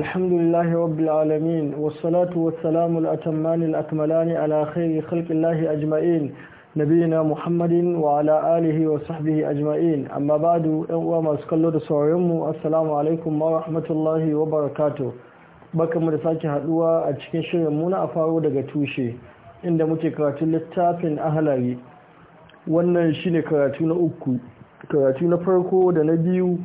الحمد لله رب العالمين والصلاة والسلام الأتمان الأكملان على خير خلق الله أجمعين نبينا محمد وعلى آله وصحبه أجمعين أما بعد وما سكالو سوريم السلام عليكم ورحمة الله وبركاته barkamu da sake haduwa a cikin shirin muna a faro daga tushe inda muke karatun littafin ahalari wannan shine karatu na uku karatu na farko da na biyu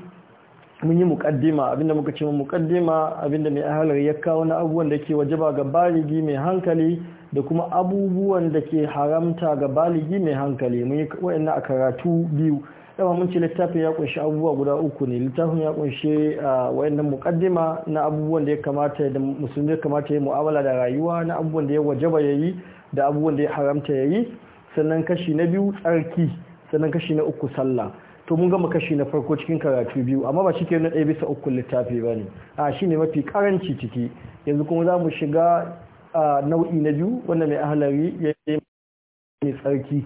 mun yi mukaddima abinda muka ce mukaddima abinda mai ahalar ya kawo na abubuwan da ke wajaba ga baligi mai hankali da kuma abubuwan da ke haramta ga baligi mai hankali mun yi wayannan a karatu biyu dama mun ce littafin ya kunshi abubuwa guda uku ne littafin ya kunshi wayannan mukaddima na abubuwan da ya kamata da musulmi ya kamata ya mu'amala da rayuwa na abubuwan da ya wajaba ya yi da abubuwan da ya haramta ya yi sannan kashi na biyu tsarki sannan kashi na uku sallah to mun gama kashi na farko cikin karatu biyu amma ba shike na ɗaya bisa uku littafi ba ne a shi ne mafi karanci ciki yanzu kuma za mu shiga nau'i na biyu wanda mai ahalari ya yi mai tsarki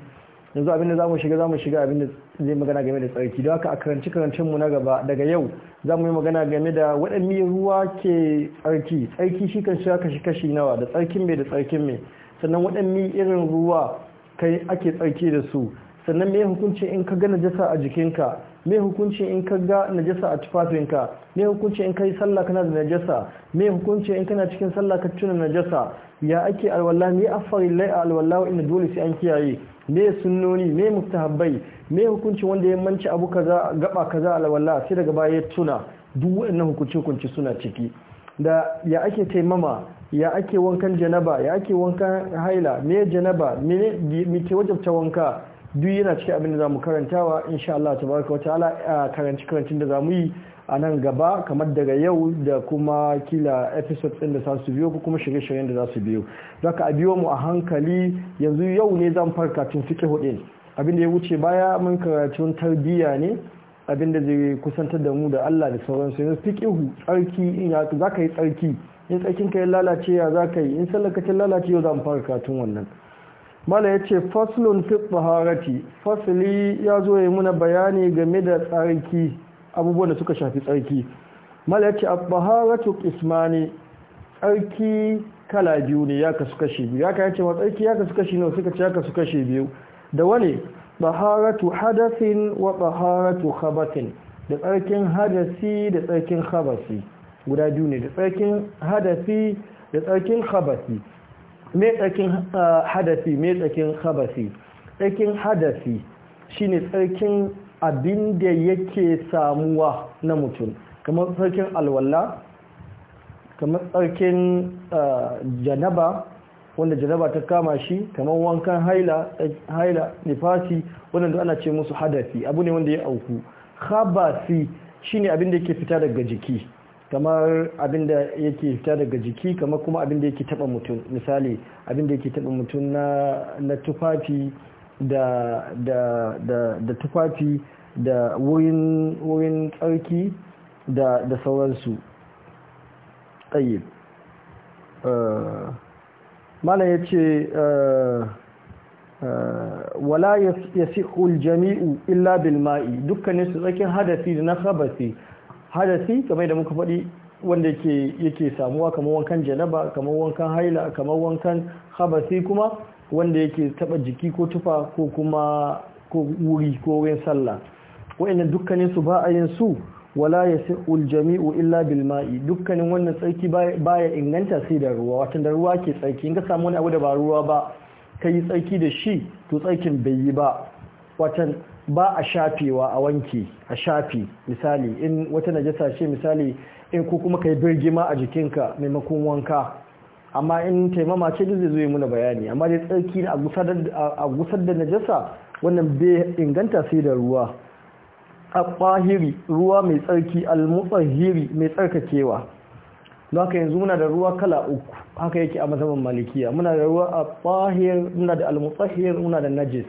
yanzu abinda za mu shiga za mu shiga abinda zai magana game da tsarki don haka a karanci karancin mu na gaba daga yau za mu yi magana game da waɗanne ruwa ke tsarki tsarki shi kan shiga kashi kashi nawa da tsarkin mai da tsarkin mai sannan waɗanne irin ruwa kai ake tsarki da su sannan me hukunci in ka ga najasa a jikinka me hukunci in ka ga najasa a tufafinka me hukunci in kai sallah kana da najasa me hukunci in kana cikin sallah ka tuna najasa ya ake alwala afari lai a alwala inda dole sai an kiyaye me sunnoni me mustahabbai me hukunci wanda ya manci abu kaza gaba kaza alwala sai daga baya ya tuna duk waɗannan hukunci hukunci suna ciki da ya ake taimama ya ake wankan janaba ya ake wankan haila me janaba me ke wajabta wanka duk yana cikin abin da za zamu karantawa insha Allah tabaraka wataala karanci karancin da za mu yi a nan gaba kamar daga yau da kuma kila episodes ɗin da za su biyo ko kuma shirye-shiryen da za su biyo zaka a biyo mu a hankali yanzu yau ne zan farka tun fiqh hudin abin da ya wuce baya mun karatun tarbiyya ne abin da zai kusantar da mu da Allah da sauransu yanzu hu tsarki in ka yi tsarki in tsarkin ya lalace ya za ka yi in sallar ka lalace yau zan fara karatun wannan mala ya ce faslun fit tsaharati fasli ya zo ya muna bayani game da tsarki abubuwan da suka shafi tsarki mala ya ce a baharatu ismani tsarki kala biyu ne ya kasu kashe biyu ya ka yace ma tsarki ya kasu kashe nawa ka ce ya kasu kashe biyu da wani baharatu hadasin wa baharatu khabasin da tsarkin hadasi da tsarkin khabasi guda biyu ne da tsarkin hadasi da tsarkin khabasi me tsarkin eh, hadasi me tsarkin habasi tsarkin hadasi shine tsarkin abin da yake samuwa na mutum kamar tsarkin alwala kamar tsarkin eh, janaba wanda janaba ta kama shi kamar wankan haila eh, haila nifasi wanda ana ce musu hadafi abu ne wanda ya auku habasi shine abin da yake fita daga jiki kamar abin da yake fita daga jiki kamar kuma abin da yake taba mutum misali abin da yake taba mutum na tufafi da tufafi da wurin tsarki da sauransu tsaye eh, mana ya ce eh, eh, wala ya si'ul jami'u illa bilma'i dukkanin su tsakin hadasi da na khabasi hadasi kamar da muka faɗi wanda yake samuwa kamar wankan janaba kamar wankan haila kamar wankan habasi kuma wanda yake taba jiki ko tufa ko kuma ko wuri ko wurin sallah wayannan dukkanin su ba a yin su wala yasihul jami'u illa bilma'i ma'i dukkanin wannan tsarki baya inganta sai da ruwa wato da ruwa ke tsarki in ka samu wani abu da ba ruwa ba kai tsarki da shi to tsarkin bai yi ba watan ba a shafewa a wanki a shafi misali in wata najasa ce misali in ko kuma kai birgima a jikinka maimakon wanka amma in taimama ce duk zai zo muna bayani amma dai tsarki a gusar da najasa wannan bai inganta sai da ruwa a ƙwahiri ruwa mai tsarki almutsahiri mai tsarkakewa don haka yanzu muna da ruwa kala uku haka yake a mazaman malikiya muna da ruwa a muna da al muna da najis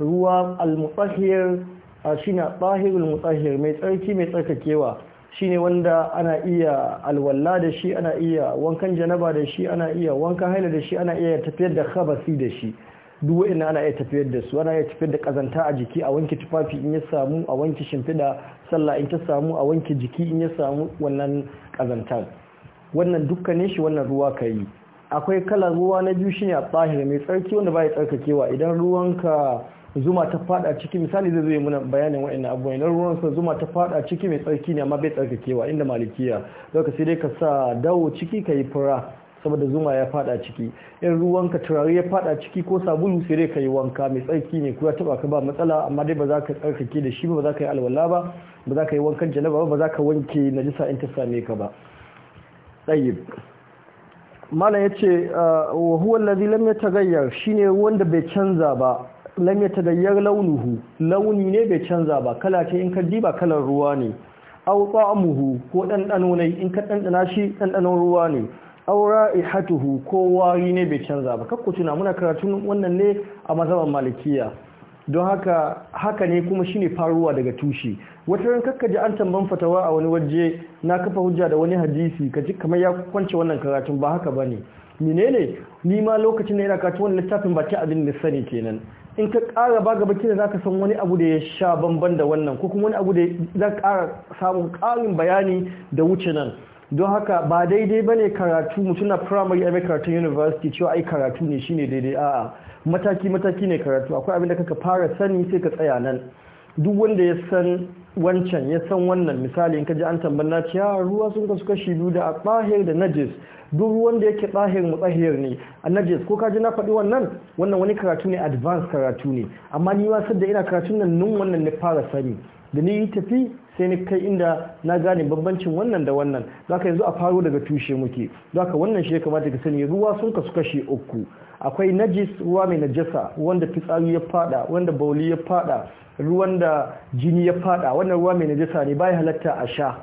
ruwa al-mutahhir shine tahirul mutahhir mai tsarki mai tsarkakewa shine wanda ana iya alwalla da shi ana iya wankan janaba da shi ana iya wankan haila da shi ana iya tafiyar da khabasi da shi duk ina ana iya tafiyar da su ana iya tafiyar da kazanta a jiki a wanke tufafi in ya samu a wanke shimfida sallah in ta samu a wanke jiki in ya samu wannan kazantar wannan dukkanin shi wannan ruwa ka yi akwai kalar ruwa na biyu shine a tsahir mai tsarki wanda ba ya tsarkakewa idan ruwanka zuma ta fada ciki misali zai zai muna bayanin wa'annan abubuwan na ruwan sa zuma ta fada ciki mai tsarki ne amma bai tsarkakewa inda malikiya zaka sai dai ka sa dawo ciki ka yi fura saboda zuma ya fada ciki in ka turare ya fada ciki ko sabulu sai dai ka yi wanka mai tsarki ne ko ya taba ka ba matsala amma dai ba za ka tsarkake da shi ba za ka yi alwala ba ba za ka yi wankan janaba ba ba za ka wanke najisa in ta same ka ba tsayib malam yace wa huwa allazi lam yataghayyar shine wanda bai canza ba lam yatagayyar launuhu launi ne bai canza ba kala ce in ka diba kalar ruwa ne aw ta'amuhu ko dano ne in ka dandana shi dano ruwa ne aw ra'ihatuhu ko wari ne bai canza ba kakku tuna muna karatun wannan ne a mazhaban malikiya don haka haka ne kuma shine faruwa daga tushe wata ran kakka ji an tamban fatawa a wani waje na kafa hujja da wani hadisi ka ji kamar ya kwance wannan karatun ba haka bane menene ni ma lokacin da ina karatu wannan littafin ba ta abin da sani kenan in ka ƙara ba gaba kira zaka san wani abu da ya sha bamban da wannan ko kuma wani abu da za ka kara samun ƙarin bayani da wuce nan don haka ba daidai ba ne karatu mutum na primary a karatun university cewa ai karatu ne shine daidai a'a mataki mataki ne karatu akwai abin da kaka fara sani sai ka tsaya nan duk wanda ya san wancan ya san wannan misali in ka ji an tambar na ciya ruwa sun kasu kashi biyu da a tsahir da najis duk ruwan da yake tsahir tsahir ne a najis ko ka ji na faɗi wannan wannan wani karatu ne advance karatu ne amma ni ma sadda ina karatun nan nun wannan na fara sani da ni tafi sai ni kai inda na gane bambancin wannan da wannan za ka yanzu a faro daga tushe muke za ka wannan shi ya kamata ka sani ruwa sun kasu kashe uku akwai najis ruwa mai najasa wanda fitsari ya fada wanda bauli ya fada ruwan da jini ya fada wannan ruwa mai najasa ne bai halatta a sha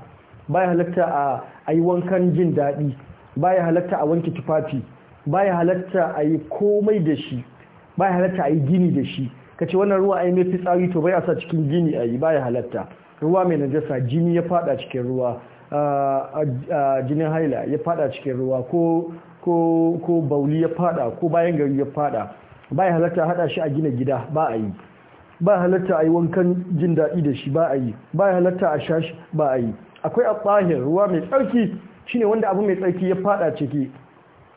bai halatta a ayi wankan jin daɗi bai halatta a wanke tufafi bai halatta a yi komai da shi bai halatta a yi gini da shi kace wannan ruwa ai mai fitsari to bai a sa cikin gini a yi bai halatta ruwa mai najasa jini ya fada cikin ruwa A jinin haila ya fada cikin ruwa ko bauli ya fada ko bayan gari ya fada ba ya halatta hada shi a gina gida ba a yi ba halatta a yi wankan jin daɗi da shi ba a yi ba ya halatta a sha shi ba a yi akwai a ruwa mai tsarki shine wanda abu mai tsarki ya fada ciki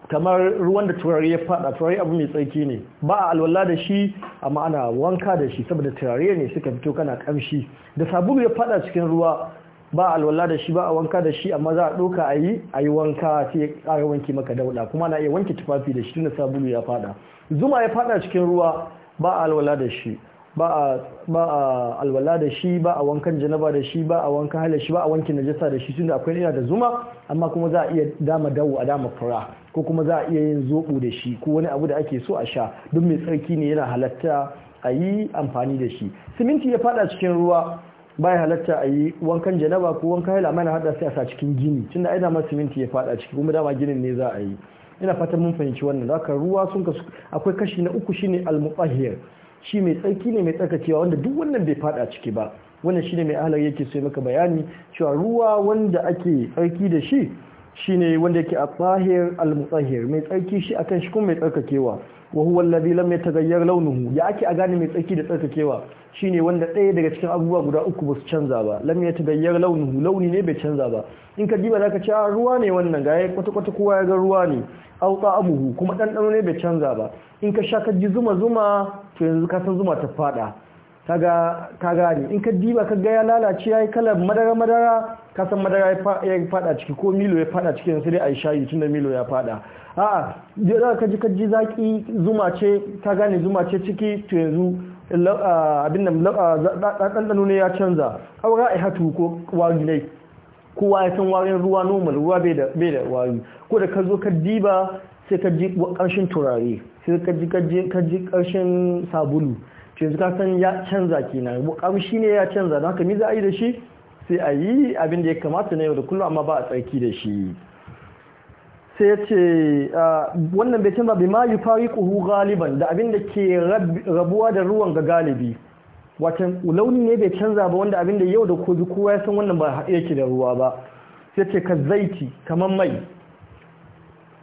kamar ruwan da turare ya fada turare abu mai tsarki ne ba a alwala da shi amma ana wanka da shi saboda turare ne suka fito kana kamshi da sabulu ya fada cikin ruwa ba a alwala da shi ba a wanka da shi amma za a doka a yi a yi wanka sai ya kara wanki maka dauɗa kuma na iya wanke tufafi da shi da sabulu ya fada zuma ya fada cikin ruwa ba a alwala da shi ba a alwala da shi ba a wankan janaba da shi ba a wankan halar shi ba a wankin najasa da shi da akwai ina da zuma amma kuma za a iya dama dawo a dama fura ko kuma za a iya yin zobo da shi ko wani abu da ake so a sha duk mai tsarki ne yana halatta a yi amfani da shi siminti ya fada cikin ruwa baya halatta a yi wankan janaba ko wankan haila mana hada sai a sa cikin gini da ai dama siminti ya fada ciki kuma dama ginin ne za a yi ina fatan mun fahimci wannan zaka ruwa sun kasu akwai kashi na uku shine al shi mai tsarki ne mai tsarkakewa wanda duk wannan bai fada ciki ba wannan shine mai ahalar yake sai maka bayani cewa ruwa wanda ake tsarki da shi shine wanda yake a tsahir al-mutahhir mai tsarki shi akan shi kuma mai tsarkakewa wa huwa alladhi lam yataghayyar launuhu ya ake a gane mai tsarki da tsarkakewa shine wanda ɗaya daga cikin abubuwa guda uku ba su canza ba lam yataghayyar launuhu launi ne bai canza ba in ka diba zaka ce ah, ruwa ne wannan ga kwata kwata kowa ya ga ruwa ne au abuhu kuma ɗanɗano ne bai canza ba in ka sha ka ji zuma zuma to yanzu ka san zuma ta fada kaga ka gane in ka diba ka ga ya lalace yayi kalar madara madara ka san madara ya fada ciki ko milo ya fada ciki yanzu dai ai shayi tunda milo ya fada a'a da ka ji ka ji zaki zuma ce ka gane zuma ce ciki to yanzu abin nan ɗanɗano ne ya canza aura hatu ko ne kowa ya san warin ruwa normal ruwa bai da wari ko da ka zo ka diba sai ka ji ƙarshen turare sai ka ji karshen sabulu ce ka san ya canza kenan shi ne ya canza don haka mi za a yi da shi sai a yi abin da ya kamata na yau da kullum amma ba a tsarki da shi sai ya ce ah, wannan bai canza bai ma yi fari kuhu galiban da abin da ke rabuwa da ruwan ga galibi watan launi ne bai canza ba wanda abin da yau da kobi kowa ya san wannan ba yake da ruwa ba sai ce ka zaiti kamar mai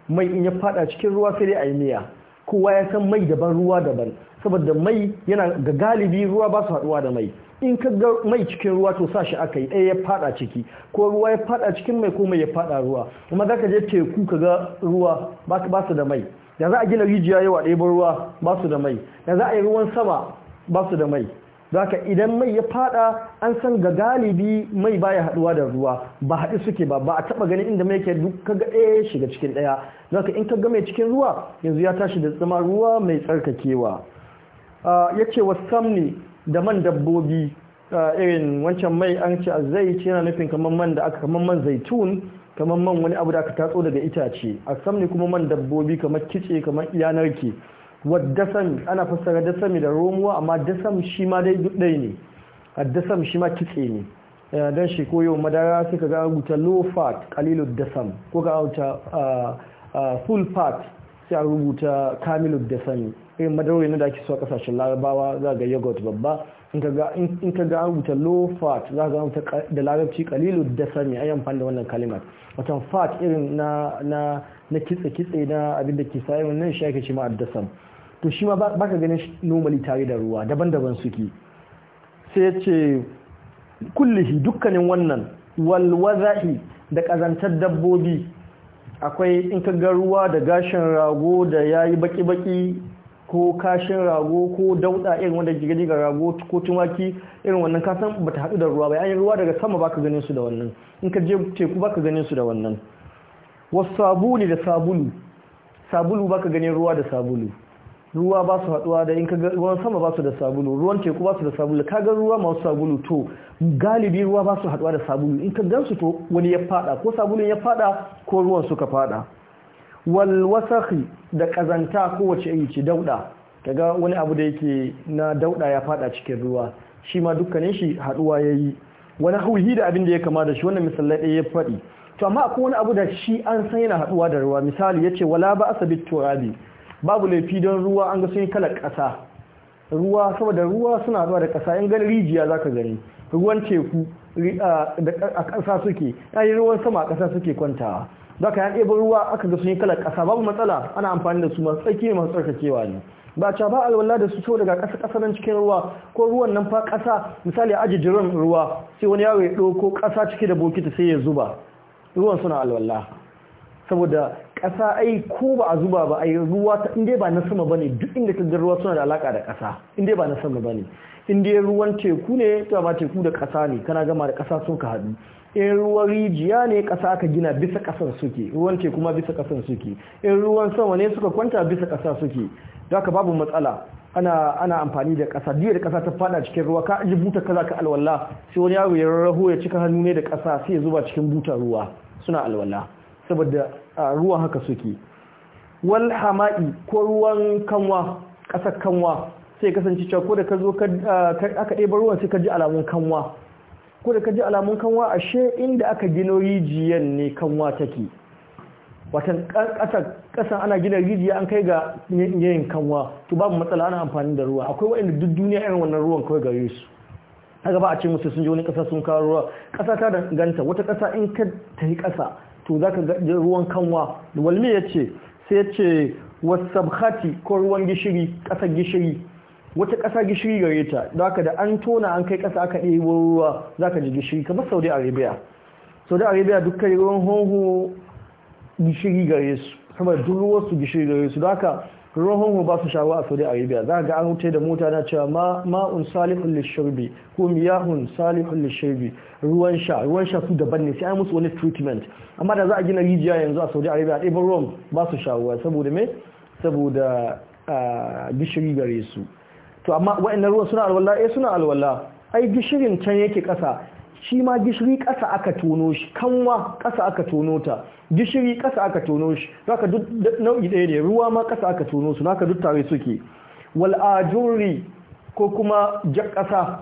mai in ya fada cikin ruwa sai dai a yi miya kowa ya san mai daban ruwa daban saboda mai yana ga galibi ruwa ba su haduwa da mai in ka ga mai cikin ruwa to sa shi aka yi ɗaya ya fada ciki ko ruwa ya fada cikin mai ko mai ya fada ruwa kuma za ka je teku ka ga ruwa ba su da mai da za a gina rijiya yawa ɗaya ruwa ba su da mai da za a yi ruwan sama ba su da mai zaka idan mai ya fada an san ga galibi mai baya haduwa da ruwa ba haɗu suke ba ba a taba ganin inda mai yake duk kaga ɗaya shiga cikin ɗaya zaka in ka ga mai cikin ruwa yanzu ya tashi da zama ruwa mai tsarkakewa ah, wa samni da man dabbobi ah, irin wancan mai an ce zai ce yana nufin kamar man da aka kamar man zaitun kamar man wani abu da aka tatso daga itace a samni kuma man dabbobi kamar kice kamar iyanarki waddasam ana fassara dasami da romuwa amma dasam shi ma dai duk ɗaya ne dasam shi ma kitse ne eh, don shi koyo madara sai ka ga rubuta low fat kalilu dasam ko ka rubuta ah, ah, full fat sai a rubuta kamilu dasam irin madarori na da ake so a kasashen larabawa za ga yogurt babba in ka ga rubuta low fat za ga rubuta da larabci kalilu dasam ai amfani da wannan kalimar watan fat irin na kitse kitse na abin da ke sayi nan shi ake ce ma dasam to shi ma ba ka ganin nomali tare da ruwa daban-daban suke sai ce kullihi dukkanin wannan walwaza'i da kazantar dabbobi akwai in ka ga ruwa da gashin rago da yayi baki-baki ko kashin rago ko dauda irin wanda ke gani ga rago ko tumaki irin wannan kasan ba ta haɗu da ruwa ba yayin ruwa daga sama baka ganin su da wannan in ka je teku baka ganin su da wannan wasu sabuli da sabulu sabulu baka ganin ruwa da sabulu ruwa ba su haduwa da in kaga ruwan sama ba su da sabulu ruwan teku ba su da sabulu kaga ruwa masu sabulu to galibi ruwa ba su haduwa da sabulu in ka gansu to wani ya fada ko sabulun ya fada ko ruwan suka fada wal da kazanta kowace yi ce dauda kaga wani abu da yake na dauɗa ya fada cikin ruwa shi ma dukkanin shi haduwa yayi wani hauhi da abin da ya kama da shi wannan misalai ɗaya ya faɗi to amma akwai wani abu da shi an san yana haduwa da ruwa misali yace wala ba asabit turabi babu laifi don ruwa an ga sun yi kala ƙasa ruwa saboda ruwa suna zuwa da ƙasa in gani rijiya za ka gani ruwan teku a ƙasa suke yayin ruwan sama a ƙasa suke kwantawa za ka yan ɗebo ruwa aka ga sun yi kala ƙasa babu matsala ana amfani da su masu tsaki ne masu tsarkakewa ne ba ca ba alwala da su so daga ƙasa ƙasa nan cikin ruwa ko ruwan nan fa ƙasa misali aji jiran ruwa sai wani yaro ya ɗauko ƙasa cike da bokiti sai ya zuba ruwan suna alwala saboda ƙasa ai ko ba a zuba ba ai ruwa ta inda ba na sama bane duk inda ka ruwa suna da alaka da ƙasa inda ba na sama bane inda ruwan teku ne to ba teku da ƙasa ne kana gama da ƙasa sun ka haɗu in ruwan rijiya ne ƙasa aka gina bisa ƙasar suke ruwan teku ma bisa ƙasar suke in ruwan sama ne suka kwanta bisa ƙasa suke haka babu matsala ana ana amfani da ƙasa diyar ƙasa ta fada cikin ruwa ka aji buta kaza ka alwala sai wani yaro ya rarrahu ya cika hannu ne da ƙasa sai ya zuba cikin buta ruwa suna alwala saboda ruwa haka suke wal hama'i ko ruwan kanwa ƙasar kanwa sai kasance cewa ko da ka zo aka ɗeba ruwan sai ka ji alamun kanwa ko da ka ji alamun kanwa ashe inda aka gino rijiyar ne kanwa take watan ƙasa ana gina rijiya an kai ga yayin kanwa to babu matsala ana amfani da ruwa akwai waɗanda duk duniya irin wannan ruwan kawai gare su haka ba a ce musu sun je wani ƙasa sun kawo ruwa ƙasa ta danganta wata ƙasa in ka ta yi ƙasa to za ka ga ruwan kanwa walmi ce sai ya yace wasabhati ko ruwan gishiri kasar gishiri wata ƙasa gishiri gare ta zaka da an tona an kai ƙasa aka ɗebo ruwa ka ji gishiri kamar Saudi Arabia Saudi Arabia dukkan ruwan honhu gishiri gare su kamar duk ruwan su gishiri gare su haka ruwan ba su shawa a saudi arabia za ga an wuce da mota na cewa ma'un salihun lishirbi ko miyahun salihun lishirbi ruwan sha ruwan sha su daban ne sai an musu wani treatment amma da za a gina rijiya yanzu a saudi arabia a ruwan ba su shawa saboda me saboda gishiri gare su to amma wa'annan ruwan suna alwala eh suna alwala ai gishirin can yake kasa shi ma gishiri ƙasa aka tono shi kanwa ƙasa aka tono ta gishiri ƙasa aka tono shi zaka duk nau'i ɗaya ne ruwa ma ƙasa aka tono su naka duk tare suke wal'ajuri ko kuma jar ƙasa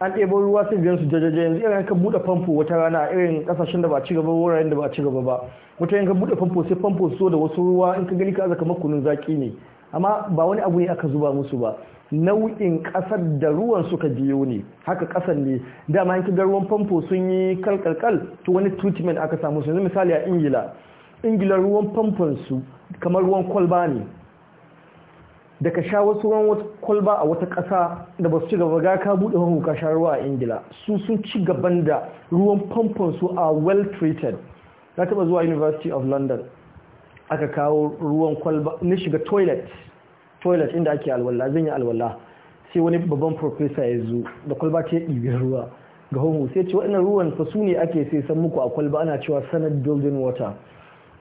an ɗebo ruwa sun biyan su jajaja yanzu irin ka buɗe famfo wata rana a irin ƙasashen da ba ci gaba wuraren da ba ci gaba ba wata yankan buɗe famfo sai famfo so da wasu ruwa in ka gani ka aza kamar kunun zaƙi ne amma ba wani abu ne aka zuba musu ba nau'in kasar da ruwan suka jiyo ne haka kasar ne dama yanki ga ruwan famfo sun yi kalkalkal to wani treatment aka samu su misali a ingila ingila ruwan famfon su kamar ruwan kwalba ne daga sha wasu ruwan kwalba a wata kasa da ba su ci gaba ga ka buɗe wani ka sha ruwa a ingila su sun ci gaban da ruwan famfon su a well treated na taɓa zuwa university of london aka kawo ruwan kwalba na shiga toilet toilet inda ake alwala zan yi alwala sai wani babban profesa ya zo da kwalba ta ɗibiyar ruwa ga homo sai ce waɗannan ruwan fa su ne ake sai san muku a kwalba ana cewa sanad building water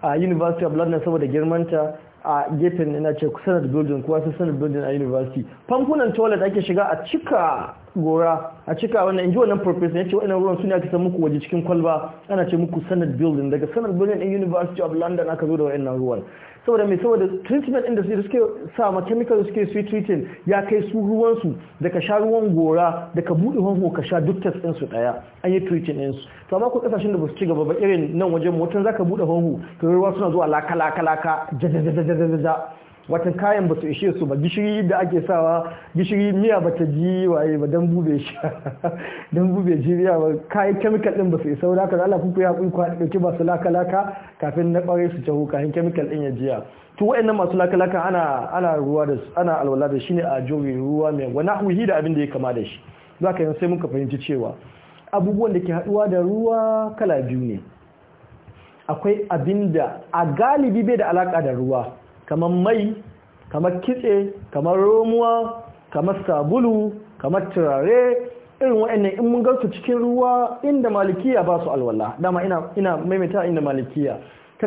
a university of london saboda girmanta a gefen na ce sanad building kuwa sai sanad building a university famfunan toilet ake shiga a cika gora a cika wannan inji wannan professor ya ce wa'annan ruwan suna aka muku waje cikin kwalba ana ce muku sanad building daga sanad building din university of london aka zo da wa'annan ruwan saboda mai saboda treatment din da suke sa ma chemical suke su treating ya kai su ruwan su daga sha ruwan gora daga bude hanho ka sha duk test din su daya an yi treating din su to amma ko kasashen da ba su ci gaba ba irin nan wajen motan zaka buɗe hanho to ruwa suna zuwa laka laka laka jajajajajaja watan kayan ba su ishe su ba gishiri da ake sawa gishiri miya ba ta ji waye ba dan bube shi dan bube ji miya ba kayan chemical din ba su isa wadaka da Allah kuku ya kuku ya dauki ba su laka laka kafin na kware su jahu kayan chemical din ya jiya to wayannan masu laka laka ana ana ruwa da ana alwala da shine a jori ruwa mai wani nahwihi da abin da ya kama da shi zaka yi sai muka fahimci cewa abubuwan da ke haɗuwa da ruwa kala biyu ne akwai abinda a galibi bai da alaka da ruwa kamar mai kamar kitse kamar romuwa kamar sabulu kamar turare irin wa'annan in mun gansu cikin ruwa inda malikiya ba su alwala dama ina ina maimaita inda malikiya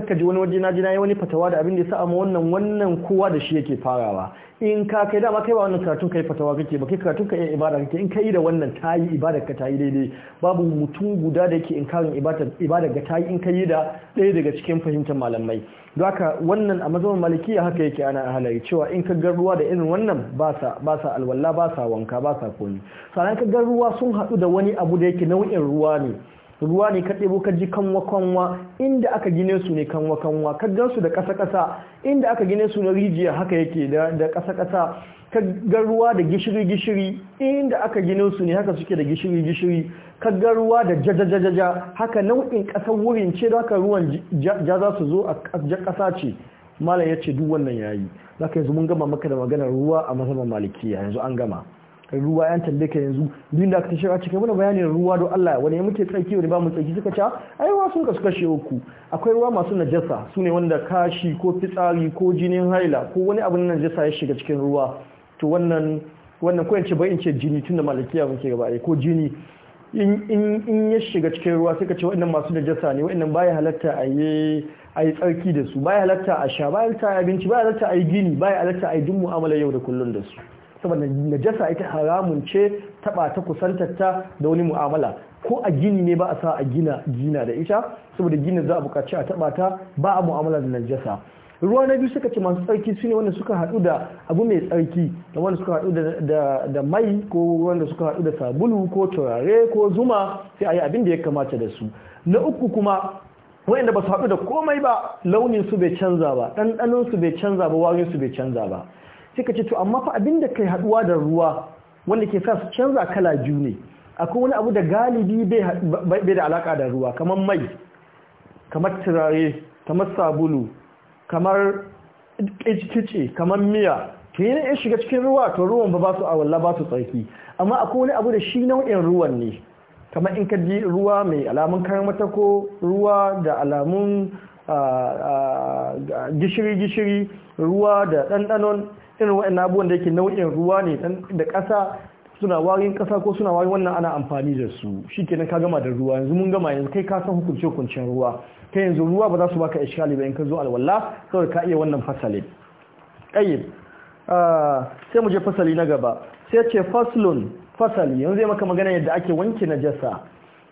ka ji wani waje na ji yi wani fatawa da abin da ya sa amma wannan wannan kowa da shi yake farawa in ka kai dama kai ba wannan karatun kai fatawa kake ba kai karatun ka ibada kake in kai da wannan tayi ibada ka tayi daidai babu mutum guda da yake karin ibada ibada ga tayi in kai da ɗaya daga cikin fahimtar malamai don haka wannan a mazhabin malikiya haka yake ana halari cewa in ka ga ruwa da irin wannan ba sa ba sa alwala ba sa wanka ba sa komi sannan ka ga ruwa sun haɗu da wani abu da yake nau'in ruwa ne ruwa ne ka ɗebo ka ji kanwa-kanwa inda aka gine su ne kanwa-kanwa ka gan su da ƙasa-ƙasa inda aka gine su na rijiya haka yake da ƙasa-ƙasa ka ga ruwa da gishiri-gishiri inda aka gine su ne haka suke da gishiri-gishiri ka ga ruwa da jajajajaja haka nau'in ƙasar wurin ce da haka ruwan ja za su zo a ƙasa ce malam ya ce duk wannan yayi za ka yanzu mun gama maka da maganar ruwa a masamman malikiya yanzu an gama ruwa yan tambaye ka yanzu duk da ka a cikin mana bayanin ruwa don Allah wani muke tsaki wani ba mu tsaki suka ce ai ruwa sun kasu kashe uku akwai ruwa masu najasa su ne wanda kashi ko fitsari ko jinin haila ko wani abin najasa ya shiga cikin ruwa to wannan wannan ko bai in ce jini tunda malakiya muke gaba ko jini in ya shiga cikin ruwa suka ce waɗannan masu najasa ne ba baya halatta a yi tsarki da su baya halatta a sha baya halatta a abinci baya halatta a yi gini baya halatta a yi duk mu'amala yau da kullum da su saboda najasa ita haramun ce taba ta kusantarta da wani mu'amala ko a gini ne ba a sa a gina gina da ita saboda gina za a buƙaci a taba ta ba a mu'amala da najasa ruwa na biyu suka ce masu tsarki su ne wanda suka haɗu da abu mai tsarki da wanda suka haɗu da mai ko wanda suka haɗu da sabulu ko turare ko zuma sai a yi abin da ya kamata da su na uku kuma wanda ba su haɗu da komai ba launin su bai canza ba ɗanɗanon su bai canza ba warin su bai canza ba sai ka ce to amma fa abinda kai haduwa da ruwa wanda ke sa su canza kala biyu ne akwai wani abu da galibi bai da alaka da ruwa kamar mai kamar turare kamar sabulu kamar kici kamar miya to yi in shiga cikin ruwa to ruwan ba ba su awalla ba su tsarki amma akwai wani abu da shi nau'in ruwan ne kamar in ka ji ruwa mai alamun kayan mata ko ruwa da alamun ah, ah, gishiri-gishiri ruwa da ɗanɗanon irin waɗannan abubuwan da yake nau'in ruwa ne da ƙasa suna warin ƙasa ko suna warin wannan ana amfani da su shikenan ka gama da ruwa yanzu mun gama yanzu kai ka san hukunce hukuncen ruwa kai yanzu ruwa ba za su baka ishali ba in ka zo alwala saboda ka iya wannan fasalin tayyib ah, sai mu je fasali na gaba sai ce faslun fasali yanzu zai maka magana yadda ake wanke najasa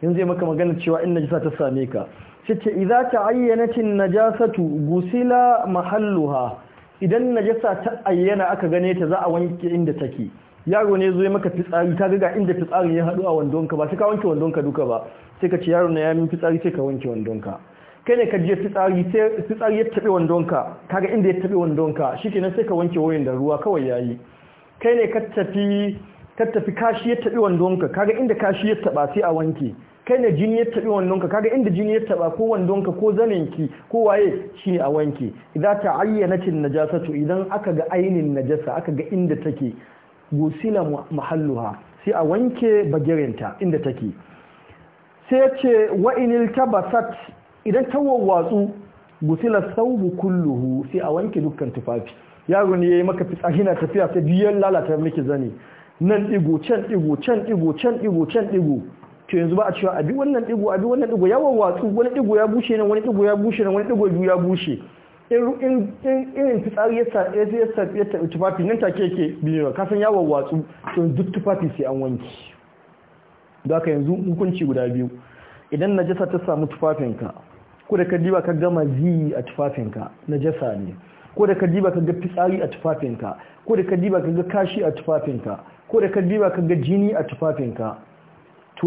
yanzu zai maka magana cewa in najasa ta same ka sai ce idza ta'ayyanatin najasatu gusila mahalluha idan najasa ta ayyana aka gane ta za a wanke inda take yaro ne zai maka fitsari ka ga inda fitsarin ya haɗu a wandonka ba sai ka wanke wandonka duka ba sai ka ce yaro na ya min fitsari sai ka wanke wandonka kai ne ka je fitsari sai fitsari ya tabe wandonka kaga inda ya tabe wandonka shikenan sai ka wanke wayan da ruwa kawai yayi kai ne ka tafi ka tafi kashi ya taɓi wandonka kaga inda kashi ya taɓa sai a wanke Kai ne jini ya taɓi wandonka kaga inda jini ya taɓa ko wandonka ko zaninki ko waye ne a wanke idan idza ta'ayyanat to idan aka ga ainin najasa aka ga inda take gusila mahalluha sai a wanke bagirenta inda take sai ya ce wa inil tabasat idan ta wawwatsu gusila saubu kulluhu sai a wanke dukkan tufafi yaro ne yayi maka fitsari na tafiya sai biyan lalata miki zani nan digo can digo can digo can digo can digo to yanzu ba a cewa abi wannan digo abi wannan digo ya wawwatsu wani digo ya bushe nan wani digo ya bushe nan wani digo biyu ya bushe irin fitsari ya sa tufafi nan take yake biyu kasan ya wawwatsu to duk tufafi sai an wanki da ka yanzu hukunci guda biyu idan najasa ta samu tufafinka ko da ka diba ka gama ziyi a tufafinka najasa ne ko da ka diba ka ga fitsari a tufafinka ko da ka diba ka ga kashi a tufafinka ko da ka diba ka ga jini a tufafinka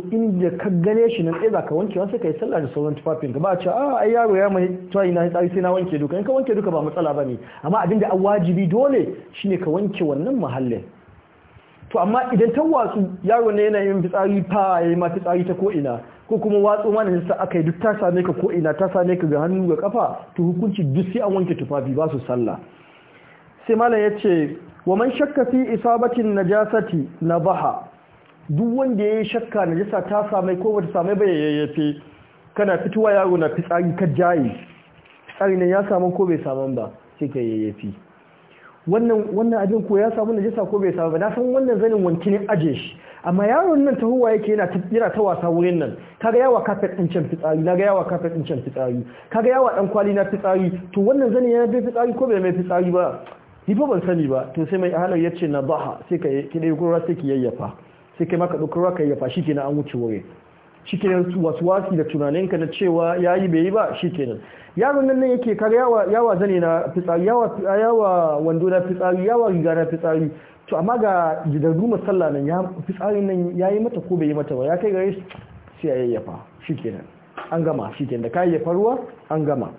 to inda ka gane shi nan ɗaya za ka wanke wasu ka yi sallah da sauran tufafin ka ba a ce a ah, yaro ya mai tuwayi na tsari sai na wanke duka in ka wanke duka ba matsala ba ne amma abin da an wajibi dole shine ka wanke wannan muhallin to amma idan ta watsu yaro ne yana yin fitsari fa ya yi ma fitsari ta ko'ina ko kuma watsu mana nisa aka yi duk ta same ka ko'ina ta same ka ga hannu ga kafa to hukunci duk sai an wanke tufafi ba su sallah sai malam ya ce wa man shakka fi isabatin najasati na baha duk wanda ya yi shakka jisa ta samai ko wata samai bai yayyafe kana fitowa yaro na fitsari ka jaye fitsari nan ya samu ko bai samu ba sai ka yayyafi wannan wannan abin ko ya samu jisa ko bai samu ba na san wannan zanin wanki ne aje shi amma yaron nan ta huwa yake yana ta ta wasa wurin nan kaga yawa kafet din can fitsari ga yawa kafet din can fitsari kaga yawa dan kwali na fitsari to wannan zanin yana bai fitsari ko bai mai fitsari ba ni ba ban sani ba to sai mai halar yace na baha sai ka kidai gura sai ki yayyafa sai kai maka ɗaukar ka yafa shi kenan an wuce wurin shi kenan wasuwasi da tunaninka na cewa ya yi bai yi ba shi kenan yaron nan nan yake kar yawa yawa zane na fitsari yawa yawa wando na fitsari yawa riga na fitsari to amma ga jidardu masalla nan ya fitsarin nan ya yi mata ko bai yi mata ba ya kai gare shi sai ya yayyafa shi kenan an gama shi kenan da ka yayyafa ruwa an gama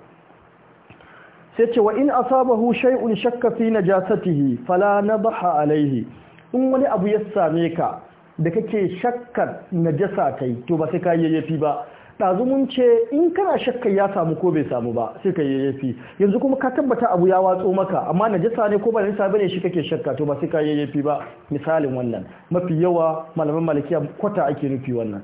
sai ce wa in asabahu shay'un shakka fi najasatihi fala nadha alaihi in wani abu ya same ka da kake shakkar na najasa kai to ba sai ka yayyafi ba ɗazu mun ce in kana shakkar ya samu ko bai samu ba sai ka yayyafi yanzu kuma ka tabbata abu ya watso maka amma na jasa ne ko ba ne bane shi kake shakka to ba sai ka yayyafi ba misalin wannan mafi yawa malaman malikiya kwata ake nufi wannan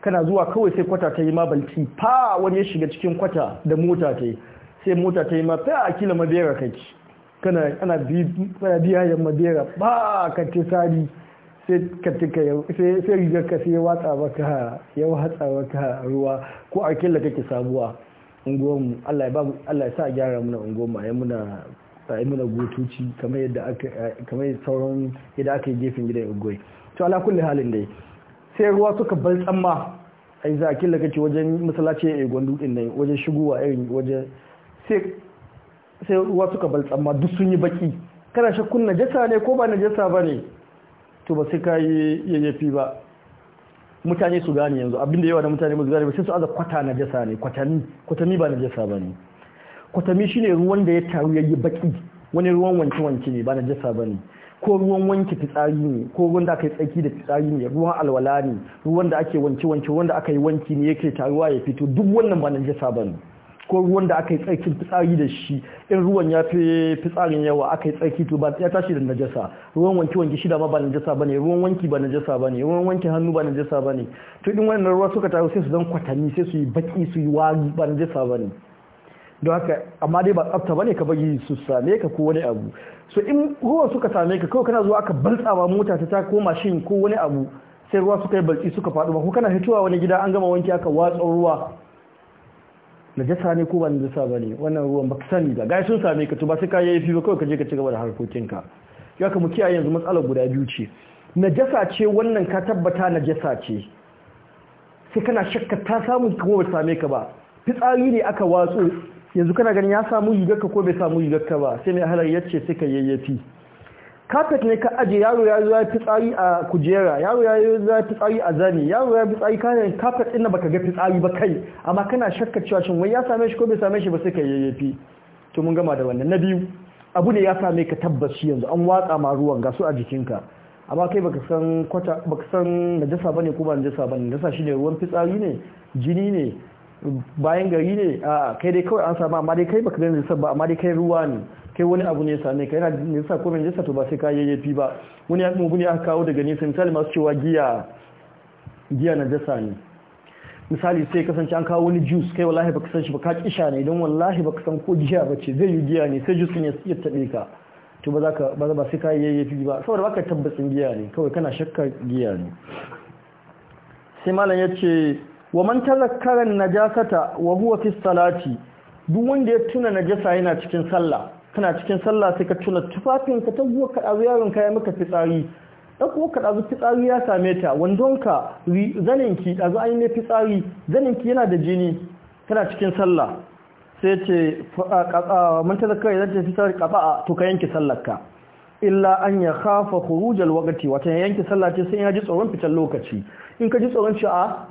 kana zuwa kawai sai kwata ta yi ma balci fa wani ya shiga cikin kwata da mota ta yi sai mota ta yi ma fa a kila madera kake kana ana biya madera ba ka tisari sai ka tuka sai rigar ka sai watsa maka ya watsa maka ruwa ko a killa kake sabuwa unguwarmu Allah ya ba Allah ya sa gyara muna unguwarmu ayi muna ayi muna gotoci kamar yadda aka kamar sauran yadda aka yi gefen gidan unguwai to ala kulli halin dai sai ruwa suka bal tsamma ai za killa kake wajen masallaci ya gondu din nan wajen shigowa irin wajen sai sai ruwa suka bal tsamma duk sun yi baki kana shakkun najasa ne ko ba najasa bane to ba sai ka yi yayyafi ba mutane su gane yanzu abinda yawa da mutane musu gane ba sai su aza kwata na jasa ne kwatami kwatami ba na jasa ba ne kwatami shine ruwan da ya taru ya yi baki wani ruwan wanke wanke ne ba na jasa ba ne ko ruwan wanke fitsari ne ko ruwan da aka yi tsaki da fitsari ne ruwan alwala ne ruwan da ake wanke wanke ruwan da aka yi wanki ne yake taruwa ya fito duk wannan ba na jasa ba ne ko ruwan da aka yi tsarkin fitsari da shi in ruwan ya fi fitsarin yawa aka yi tsarki to ba ya tashi da najasa ruwan wanki wanki shida ma ba najasa ne. ruwan wanki ba najasa ne. ruwan wanki hannu ba najasa ne. to din wannan ruwa suka taru sai su zan kwatanni sai su yi baki su yi wari ba najasa ne. don haka amma dai ba tsafta ba ne ka bari su same ka ko wani abu so in ruwan suka same ka kawai kana zuwa aka baltsa mota ta ko mashin ko wani abu sai ruwa suka yi balki suka faɗo ba ko kana fitowa wani gida an gama wanki aka watsa ruwa najasa ne ko ba jasa ba ne wannan ruwan ba ka sani ba gai sun same ka to ba sai ka yi fi ba kawai ka je ka ci gaba da harkokinka ya ka mu kiyaye yanzu matsalar guda biyu ce najasa ce wannan ka tabbata najasa ce sai kana shakka ta samu kuma ba same ka ba fitsari ne aka watsu yanzu kana ganin ya samu rigarka ko bai samu rigarka ba sai mai halar yace sai ka yayyafi kafet ne ka aje yaro ya zuwa ya fitsari a kujera yaro ya zuwa ya fitsari a zani yaro ya fitsari kayan kafet ɗin da baka ga fitsari ba kai amma kana shakka cewa shin wai ya same shi ko bai same shi ba sai ka yayyafi to mun gama da wannan na biyu abu ne ya same ka shi yanzu an watsa ma ruwan ga su a jikinka amma kai baka san kwata baka san najasa bane ko ba najasa bane najasa shine ruwan fitsari ne jini ne bayan gari ne a kai dai kawai an samu amma dai kai baka ga najasa ba amma dai kai ruwa ne kai wani abu ne same ka yana nisa ko nisa to ba sai ka yayyafi ba wani abu ne aka kawo daga nisa misali masu cewa giya giya na jasa ne misali sai kasance an kawo wani juice kai wallahi baka san shi ba ka kisha ne don wallahi baka san ko giya ba ce zai yi giya ne sai juice ne ya tabe ka to ba za ka ba sai ka yayyafi ba saboda baka tabbacin giya ne kawai kana shakka giya ne sai malam yace wa man tazakkara najasata wa huwa fi salati duk wanda ya tuna najasa yana cikin sallah kana cikin sallah sai ka tuna tufafinka ta guwa ka ɗazu yaron ka ya maka fitsari ɗan kuma ka ɗazu fitsari ya same ta wandonka zaninki ɗazu an yi mai fitsari zaninki yana da jini kana cikin sallah sai ce mun ta zaka idan fitsari fitsari a to ka yanke ka illa an ya khafa khurujal waqti wata yanke sallah ce sai ya ji tsoron fitar lokaci in ka ji tsoron ci a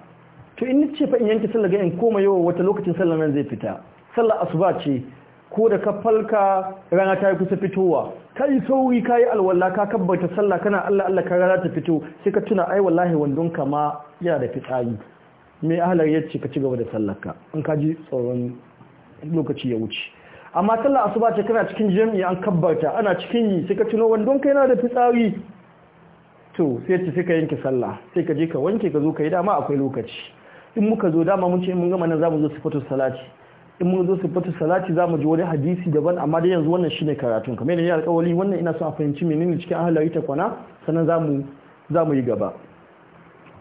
to in ce fa in yanke sallah ga in koma yawa wata lokacin sallar nan zai fita sallar asuba ce ko da ka falka rana ta yi kusa fitowa ka yi sauri ka yi alwallah ka kabbata sallah kana Allah Allah ka rana ta fito sai ka tuna ai wallahi wandon ka ma yana da fitsari mai ahalar ya ka ci gaba da ka, in ka ji tsoron lokaci ya wuce amma sallar asuba ce kana cikin jami'i an kabbarta ana cikin yi sai ka tuna wandon ka yana da fitsari to sai ce sai ka yanke sallah sai ka je ka wanke ka zo ka yi dama akwai lokaci in muka zo dama mun ce mun gama nan zamu zo fito salati in mun zo sifatu salati za mu ji wani hadisi daban amma dai yanzu wannan shine karatun kamar yadda ya alƙawali wannan ina son a fahimci menene cikin ahlari ta kwana sannan za mu za mu yi gaba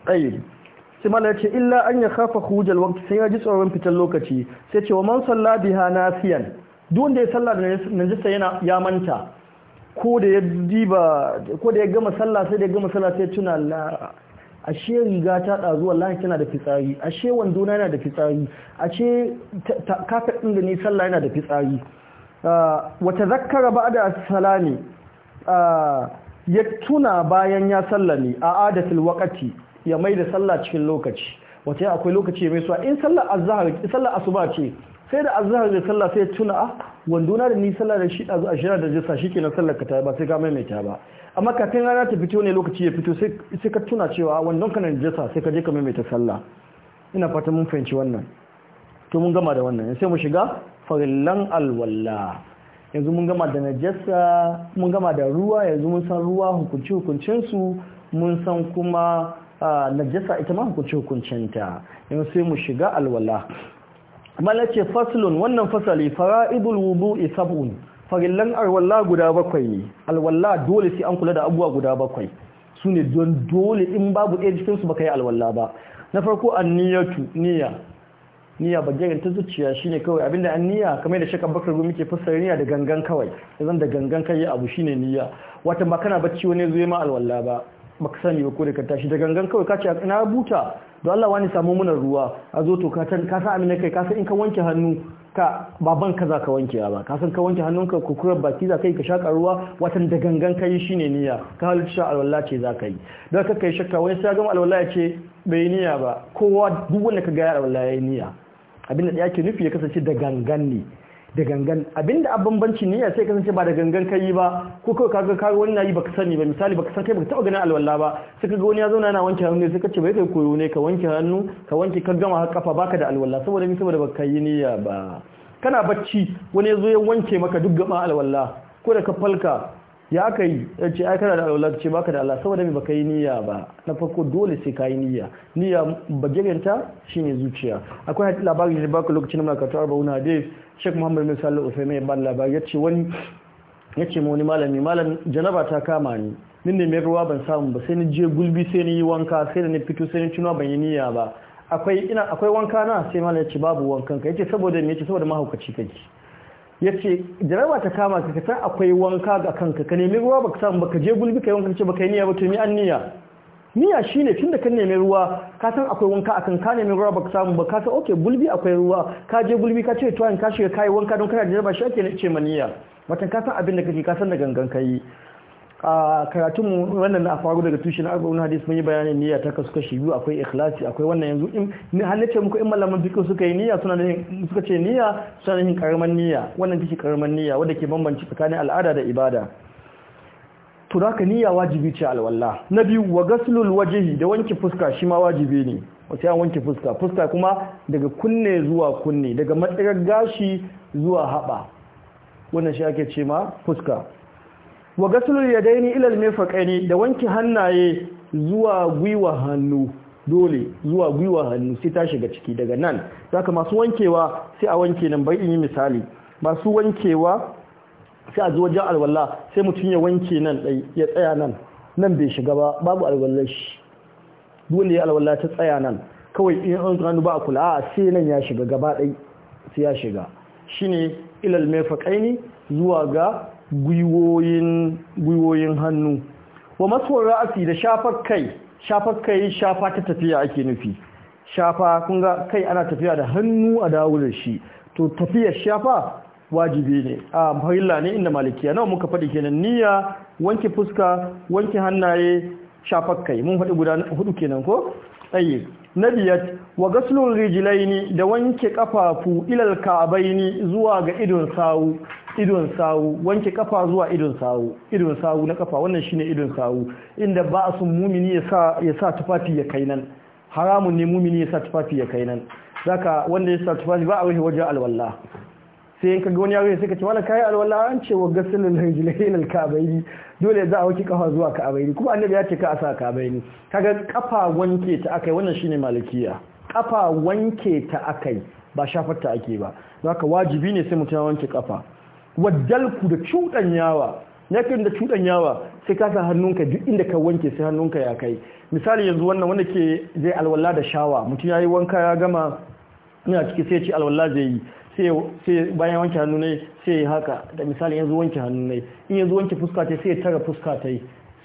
ayi sai mala ce illa an ya khafa khujal waqt sai ya ji tsoron fitar lokaci sai ce wa man salla biha nasiyan duk wanda ya salla da najisa yana ya manta ko da ya diba ko da ya gama sallah sai da ya gama sallah sai tuna ashe riga ta ɗazu wallahi tana da fitsari ashe wandona yana da fitsari ashe kafet ɗin da ni sallah yana da fitsari ah, wata zakkara ba da salami ah, ya tuna bayan ya ne a adatul wakati ya mai da sallah cikin lokaci wata akwai lokaci mai suwa in sallah azhar sallar asuba ce sai da azhar da sallah sai tuna ah wandona da ni sallah da shi ɗazu a shira da ke na sallar ka ta ba sai ka maimaita ba amma kafin rana ta fito ne lokaci ya fito sai ka tuna cewa wannan kana jesa, sai ka je ka maimaita sallah ina fatan mun fahimci wannan to mun gama da wannan sai mu shiga farillan alwalla yanzu mun gama da najasa mun gama da ruwa yanzu mun san ruwa hukunci hukuncin su mun san kuma najasa ita ma hukunci hukuncinta yanzu sai mu shiga alwalla. malace ce faslun wannan fasali fara'idul wudu'i sab'un farillan alwalla guda bakwai ne alwalla dole sai an kula da abuwa guda bakwai su ne don dole in babu ɗaya su baka yi alwalla ba na farko an niyatu niyya niyya bagiran ta zuciya shine kawai abinda an niyya kamar da shakka bakar gumi ke fassara niyya da gangan kawai zan da gangan kai abu shine niyya wata ba kana bacci wani zai ma alwalla ba baka sani ba ko da ka tashi da gangan kawai ka ce ina buta don Allah wani samu muna ruwa a zo to ka sa amina kai ka in ka wanke hannu ka baban ka za ka wanke ba ka ka wanke hannunka kukurar baki za ka yi ka shaƙa ruwa watan da gangan ka yi shi ne niyya ka halitta alwala ce za ka yi don ka kai shakka wani sai gama alwala ya ce bai niyya ba kowa duk wanda ka gaya alwala ya yi niyya abin da ya ke nufi ya kasance da gangan ne da gangan abinda a bambanci niyya sai kasance ba da gangan kai ba ko kai kaga kaga wani nayi baka sani ba misali baka san kai baka taba ganin alwala ba sai kaga wani ya zauna yana wanke hannu sai kace bai kai koyo ne ka wanke hannu ka wanke ka gama har kafa baka da alwala saboda ni saboda baka yi niyya ba kana bacci wani ya zo ya wanke maka duk gama alwala ko da ka falka ya ka yi ya ce ai kana da alwala ce baka da Allah saboda me baka yi niyya ba na farko dole sai ka yi niyya niyya shi shine zuciya akwai hadisi labari da baka lokacin muna karatu 40 hadis Sheikh Muhammad bin Salih Uthaymeen ya ba labari yace wani yace mu wani malami malam janaba ta kama ni nin da mai ruwa ban samu ba sai ni je gulbi sai ni yi wanka sai da ni fito sai ni tuno ban yi niyya ba akwai ina akwai wanka na sai malam ya ce babu wankan ka yace saboda me yace saboda mahaukaci kake ya ce jaraba ta kama ka san akwai wanka ga kanka ka nemi ruwa baka samu baka je gulbi kai wanka ce baka yi niyya ba to mi an niyya niyya shine tunda ka nemi ruwa ka san akwai wanka akan ka nemi ruwa baka samu ba san okay gulbi akwai ruwa ka je gulbi ka ce to an ka shiga kai wanka don kana jaraba shi ake ce ma niyya watan ka san abin da kake ka san da gangan kai a karatun wannan na faru daga tushen arba'un hadis mun yi bayanin niyya ta kasu kashi biyu akwai ikhlasi akwai wannan yanzu in ni halace muku in malaman fiqh suka yi niyya suna da suka ce niyya suna yin karaman niyya wannan take karaman niyya wanda ke bambanci tsakanin al'ada da ibada to ka niyya wajibi ce alwala na biyu wa ghaslul wajhi da wanke fuska shi ma wajibi ne wato ya wanke fuska fuska kuma daga kunne zuwa kunne daga matsarar gashi zuwa haɓa. wannan shi ake ce ma fuska wa gasulul yadaini ila almirfaqaini da wanki hannaye zuwa gwiwa hannu dole zuwa gwiwa hannu sai ta shiga ciki daga nan zaka masu wankewa sai a wanke nan bai yi misali masu wankewa sai a zo wajen alwala sai mutum ya wanke nan dai ya tsaya nan nan bai shiga ba babu alwallar shi dole ya alwala ta tsaya nan kawai in an ba a kula a sai nan ya shiga gaba dai sai ya shiga shine ilal mafaqaini zuwa ga gwiwoyin hannu wa masuwar ra'asi da shafar kai shafar kai shafa ta tafiya ake nufi shafa kun ga kai ana tafiya da hannu a dawo da shi to tafiyar shafa wajibi ne a farilla ne inda malikiya nawa muka faɗi kenan niyya wanke fuska wanke hannaye shafar kai mun faɗi guda hudu kenan ko tsaye na biyar wa gaslun ne da wanke kafafu ilal ka'abaini zuwa ga idon sawu idon sawu wanke kafa zuwa idon sawu idon sawu na kafa wannan shine idon sawu inda ba a sun mumini ya sa ya sa tufafi ya kai nan haramun ne mumini ya sa tufafi ya kai nan zaka wanda ya sa tufafi ba a rufe wajen alwala sai in kaga wani yaro sai ka ce wala kai alwala an ce wa gasilul rijlain alkabairi dole za a wanke kafa zuwa kabaini kuma annabi ya ce ka a sa kabaini kaga kafa wanke ta akai wannan shine malikiya kafa wanke ta akai ba shafarta ake ba zaka wajibi ne sai mutum ya wanke kafa wajalku da cuɗanyawa yakin da cuɗanyawa sai ka sa hannunka duk inda ka wanke sai hannunka ya kai misali yanzu wannan wanda ke zai alwala da shawa mutum ya yi wanka ya gama ina ciki sai ce alwala zai yi sai bayan wanke hannu ne sai ya haka da misali yanzu wanke hannu ne in yanzu wanke fuska ta sai ya tara fuska ta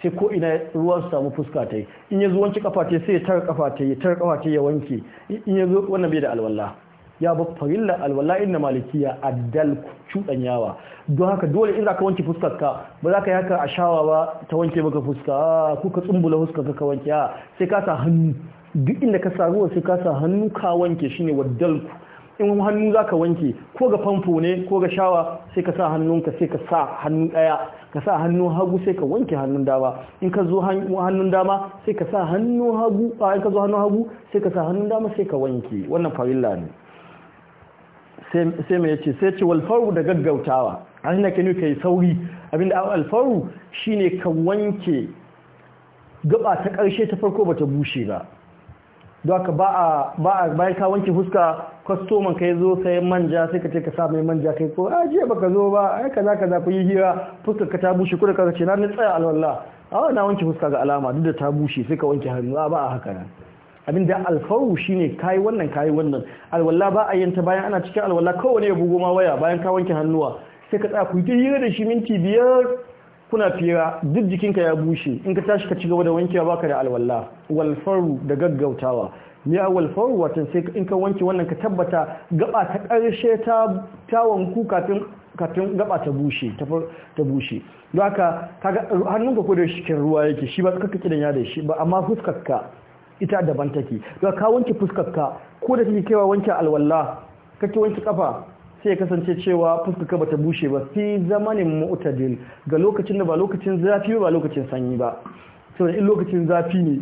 sai ko ina ruwa su samu fuska ta in yanzu wanke kafa ta sai ya tara kafa ta ya tara kafa ta ya wanke in yanzu wannan bai da alwala ya ba farilla alwala inna malikiya addal cudanyawa don haka dole in zaka wanke fuskar ka ba ka yaka a shawa ba ta wanke maka fuska ko ka tsumbula fuskar ka wanke a sai ka sa hannu duk inda ka sa ruwa sai ka sa hannu ka wanke shine waddal in hannu za ka wanke ko ga famfo ne ko ga shawa sai ka sa hannunka sai ka sa hannu daya ka sa hannu hagu sai ka wanke hannun dama in ka zo hannun dama sai ka sa hannu hagu in ka zo hannun hagu sai ka sa hannun dama sai ka wanke wannan farilla ne sai mai yace sai ce walfaru da gaggautawa an da nuka yi sauri abinda alfaru shine ka wanke gaba ta karshe ta farko bata bushe ba don haka ba a bayan ka wanke fuska kwastoman ka zo sai manja sai ka ce ka sa mai manja kai ko a ah, jiya baka zo ba ai kaza kaza ku yi hira fuska ka ta bushe kuda ka ce na ni tsaya alwallah a na wanke fuska ga alama duk da ta bushe sai ka wanke hannu ba a haka nan abinda alfawu shine kai wannan kai wannan alwalla ba a yanta bayan ana cikin alwala kowane ya bugo ma waya bayan ka wanke hannuwa sai ka tsaya ku yi hira da shi minti biyar kuna fira duk jikinka ya bushe in ka tashi ka ci gaba da wankewa baka da alwalla walfaru da gaggautawa ni a walfaru watan sai in ka wanke wannan ka tabbata gaba ta karshe ta tawon ku kafin kafin gaba ta bushe ta bushe don haka kaga hannunka ko da shi ruwa yake shi ba kake da ya da shi ba amma ka. ita daban take ga ka wanke fuskarka ko da kike kaiwa wanke alwala kake wanke kafa sai ya kasance cewa fuskarka bata bushe ba fi zamanin mu'tadil ga lokacin da ba lokacin zafi ba lokacin sanyi ba saboda in lokacin zafi ne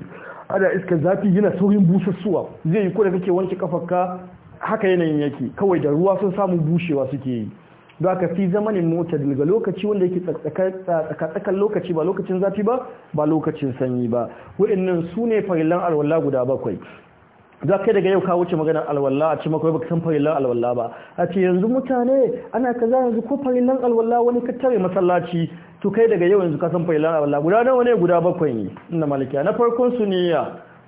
ada iska zafi yana saurin busassuwa zai yi ko da kake wanke kafarka haka yanayin yake kawai da ruwa sun samu bushewa suke yi don ka fi zamanin mota daga lokaci wanda yake tsakatsakan lokaci ba lokacin zafi ba ba lokacin sanyi ba waɗannan su ne farillan alwallah guda bakwai za kai daga yau ka wuce maganar alwallah a ce makwai ka san farillan alwallah ba a ce yanzu mutane ana kaza yanzu ko farillan alwallah wani ka tare masallaci to kai daga yau yanzu ka san farillan alwallah guda nawa ne guda bakwai ne Ina malikiya na farkon su niyya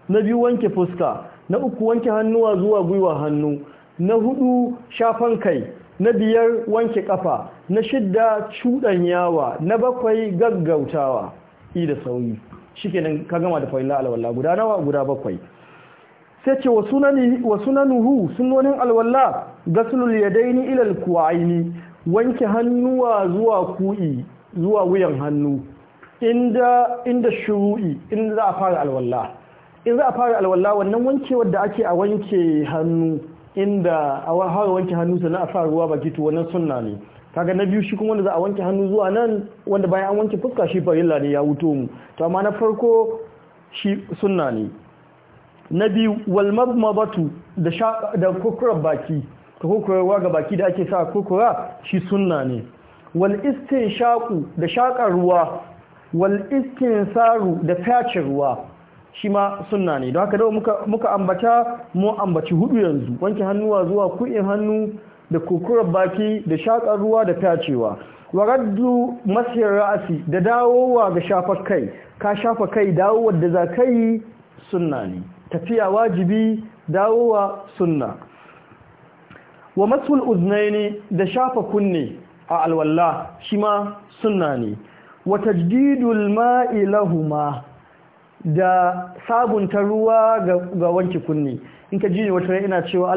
na biyu wanke fuska na uku wanke hannuwa zuwa gwiwa hannu na hudu shafan kai na biyar wanke kafa na shidda cuɗanyawa na bakwai gaggautawa i da sauri shikenan ka gama da fa'ila alwala guda nawa guda bakwai sai ce wa sunanuhu sunonin alwala gaslul yadaini ilal kuwaini wanke hannuwa zuwa ku'i zuwa wuyan hannu inda inda shuru'i inda za a fara alwala in za a fara alwallah wannan wankewar da ake a wanke hannu inda a hawa wanke hannu sannan a sa ruwa baki to wannan sunna ne kaga na biyu shi kuma wanda za a wanke hannu zuwa nan wanda bayan an wanke fuska shi farilla ne ya wuto mu to amma na farko shi sunna ne na biyu wal mabmabatu da da kokurar baki ka kokurawa ga baki da ake sa kokura shi sunna ne wal istinshaqu da shaƙar ruwa wal istinsaru da fyace ruwa shi ma suna ne don haka da muka ambata mu ambaci hudu yanzu wanke hannuwa zuwa kuɗin hannu da kukurar baki da shakar ruwa da tacewa waraddu raddu masiyar ra'asi da dawowa ga shafar kai ka shafa kai dawowa da za ka yi suna ne tafiya wajibi dawowa suna. wa masul uznaini da shafa kunne a alwalla shi ma suna ne wa tajdidul mailahuma da sabunta ruwa ga wanke kunne in ka jini wata ina cewa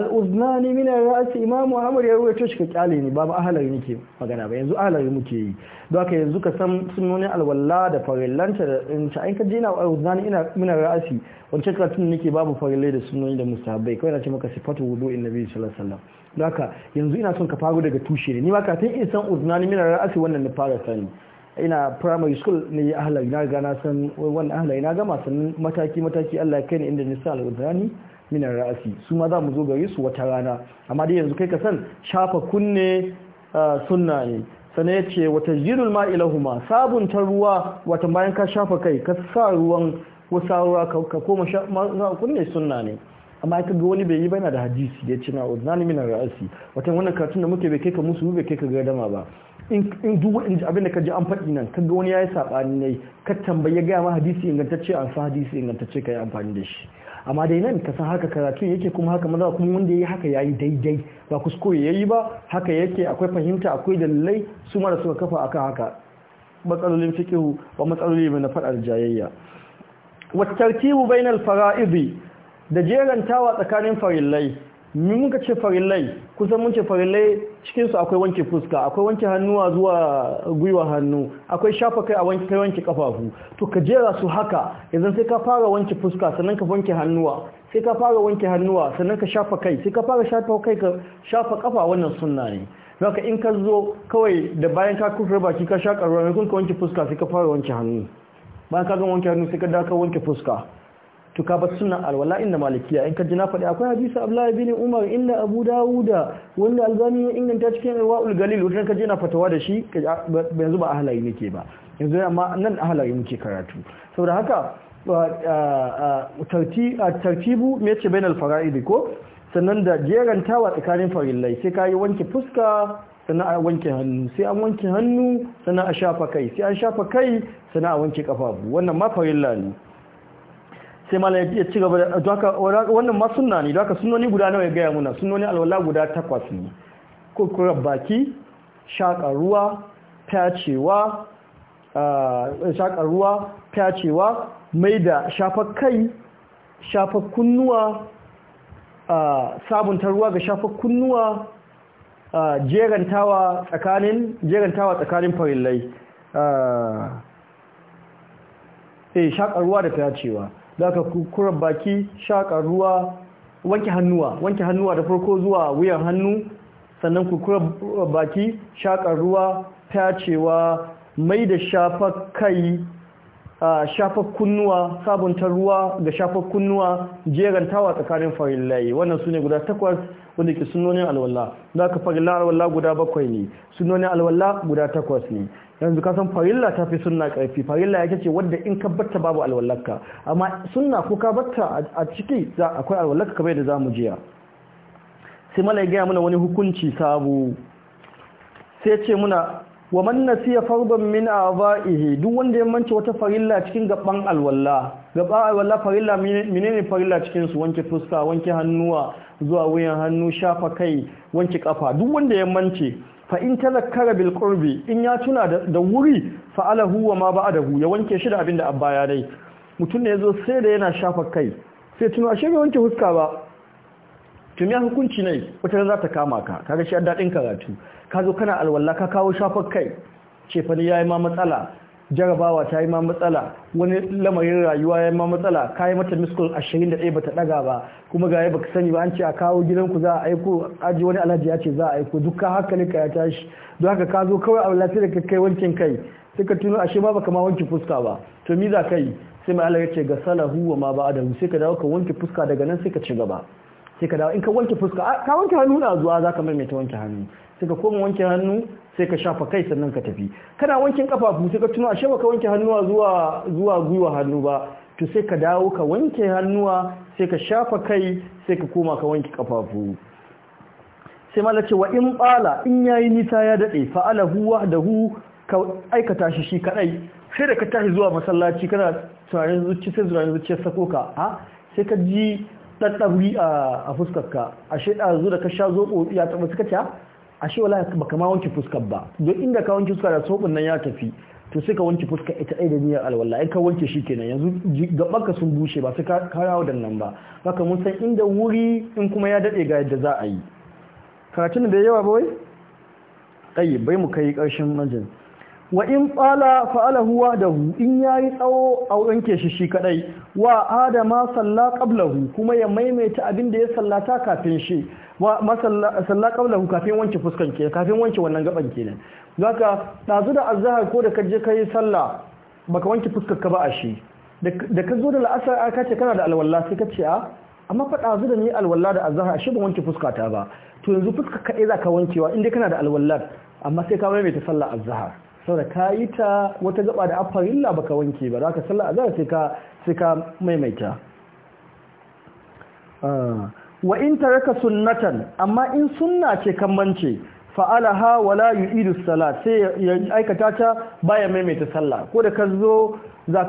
ne mina ra'asi imamu ahmad ya ya shi ka kyale ni babu ahalari muke magana ba yanzu ahalari muke yi don haka yanzu ka san sunnoni alwala da farillanta da ta in ka jina al'uzna ne mina ra'asi wancan karatun nake babu farillai da sunnoni da musabai kawai na ce maka sifatu wudu in nabi sallallahu alaihi wasallam don yanzu ina son ka faru daga tushe ne ni ma san in san uznani mina ra'asi wannan na fara sani ina primary school ne ahlal na gana na san wani ahalar na gama san mataki mataki Allah ya kai ne inda ni sa al ni ra'asi su ma za mu zo gari su wata rana amma dai yanzu kai ka san shafa kunne sunna ne sana ya ce wata jirul ma'ilahuma sabunta ruwa wata bayan ka shafa kai ka sa ruwan wasa ruwa ka koma kunne sunna ne amma ya kaga wani bai yi bana da hadisi ya ce na uzani min ra'asi wata wannan katun da muke bai kai ka musu bai kai ka gardama ba in duk waɗanda abin da ka ji an faɗi nan kaga wani ya yi saɓani ne ka tambaye gaya ma hadisi ingantacce an sa hadisi ingantacce ka yi amfani da shi amma dai nan ka san haka karatu yake kuma haka maza kuma wanda ya yi haka ya yi daidai ba kuskure ya yi ba haka yake akwai fahimta akwai dalilai su mara suka kafa akan haka matsalolin fikihu ba matsaloli ba na faɗar jayayya wattarkibu bainal fara'izi da jerantawa tsakanin farillai ni muka ce farillai kusan mun ce farillai cikinsu akwai wanke fuska akwai wanke hannuwa zuwa gwiwa hannu akwai shafa kai a wanke kai wanke kafafu to ka jera su haka idan sai ka fara wanke fuska sannan ka wanke hannuwa sai ka fara wanke hannuwa sannan ka shafa kai sai ka fara shafa kai ka shafa kafa wannan sunna ne haka in ka zo kawai da bayan ka kufre baki ka shaka ruwa kun ka wanke fuska sai ka fara wanke hannu bayan ka gama wanke hannu sai ka dawo ka wanke fuska to ka bar alwala inda malikiya in ka ji na faɗi akwai hadisi abdullahi bin umar Inna, abu dauda wanda albani ya inganta cikin irwaul galil wajen ka ji na fatawa da shi ah, yanzu ba ahalari nake ba yanzu amma nan ahlai muke karatu saboda haka tartibu me ce bainal fara'id ko sannan da jerantawa tsakanin farillai sai ka yi wanke fuska sannan a wanke hannu sai an wanke hannu sannan a shafa kai sai an shafa kai sannan a wanke kafafu wannan ma farilla ne sai malam ya ci gaba da haka wannan ma sunna ne don haka sunnoni guda nawa ya gaya muna sunnoni alwala guda takwas ne kurkurar baki shakar ruwa fyacewa shaƙar ruwa fyacewa mai da shafa kai shafa kunnuwa sabunta ruwa ga shafa kunnuwa jerantawa tsakanin jerantawa tsakanin farillai eh shaƙar ruwa da fyacewa za ka kura baki shakar ruwa wanke hannuwa wanke hannuwa da farko zuwa wuyan hannu sannan kura baki shakar ruwa ta cewa mai da shafar kai shafar kunnuwa sabunta ruwa ga shafar kunnuwa jerantawa tsakanin farillai wannan su ne guda takwas wanda ke sunonin alwallah za ka farilla alwallah guda bakwai ne sunonin alwallah guda takwas ne yanzu kasan farilla ta fi suna karfi farilla ya ce wadda in ka batta babu alwallaka amma suna ko ka batta a ciki za kwai alwallaka kamar da mu jiya sai mala ya gaya muna wani hukunci sabo sai ce muna wa man nasiya farban min aba'ihi duk wanda ya mance wata farilla cikin gaban alwalla gaba alwalla farilla menene farilla cikin su wanke fuska wanke hannuwa zuwa wuyan hannu shafa kai wanke kafa duk wanda ya mance fa in tazakkara bil qurbi in ya tuna da wuri fa alahu wa ma ba'adahu ya wanke shi da abin da abba ya dai mutum ne yazo sai da yana shafa kai sai tuno ashe bai wanke huska ba tun hukunci ne wata za ta kama ka kaga shi daɗin karatu kazo kana alwalla ka kawo shafar kai ce fa ni yayi ma matsala jarabawa ta yi ma matsala wani lamarin rayuwa ya yi ma matsala ka yi mata miskul 21 bata daga ba kuma ga yi baka sani ba an ce a kawo gidanku za a aiko aji wani alhaji ya ce za a aiko duka haka ne ka ya tashi don haka ka zo kawai a lafiya da ka kai wankin kai sai ka tuno ashe ba baka ma wanke fuska ba to mi za ka sai mai alhaji ce ga salahu wa ma ba da sai ka dawo ka wanke fuska daga nan sai ka ci gaba sai ka dawo in ka wanke fuska ka wanke hannu na zuwa za ka ta wanke hannu sai ka koma wanke hannu sai ka shafa kai sannan ka tafi kana wankin kafafu sai ka tuno ashe baka wanke hannuwa zuwa zuwa gwiwa hannu ba to sai ka dawo ka wanke hannuwa sai ka shafa kai sai ka koma ka wanke kafafu sai mala ce wa in bala in yayi nisa ya dade Fa da wahdahu ka aikata shi shi kadai sai da ka tashi zuwa masallaci kana tunanin zuci sai zuwa zuci sako ka a sai ka ji ɗaɗɗauri a fuskarka a shaiɗa zu da ka sha zoɓo ya taɓa suka ce ashe wala baka ma wanke fuskar ba don inda ka wanke fuskar da sobin nan ya tafi to sai ka wanke fuskar ita ɗaya da niyyar alwala ai ka wanke shi kenan yanzu gabanka sun bushe ba sai ka karawo da nan ba haka mun san inda wuri in kuma ya dade ga yadda za a yi karatun da yawa ba wai bai mu kai ƙarshen majin wa in tsala da hu in yi tsawo a wanke shi shi kadai wa adama salla qablahu kuma ya maimaita abin da ya sallata kafin shi wa masalla salla qablahu kafin wanke fuskan ke kafin wanke wannan gaban kenan ka ɗazu da azahar ko da kaje salla sallah ka wanke fuskar ka ba a shi da ka zo da la'asar a ce kana da alwala sai ka ce a amma fa ɗazu da ni alwala da azhar shi ban wanke fuskata ba to yanzu kaɗai za ka wankewa In dai kana da alwala amma sai ka maimaita sallah azahar saboda ka yi ta wata gaba da afarilla baka wanke ba za ka salla a zara sai ka maimaita ah, wa in raka sunnatan amma in sunna ce kan mance fa'alaha wala yu'idu salat sai ya aikata ta baya maimaita sallah ko da ka zo za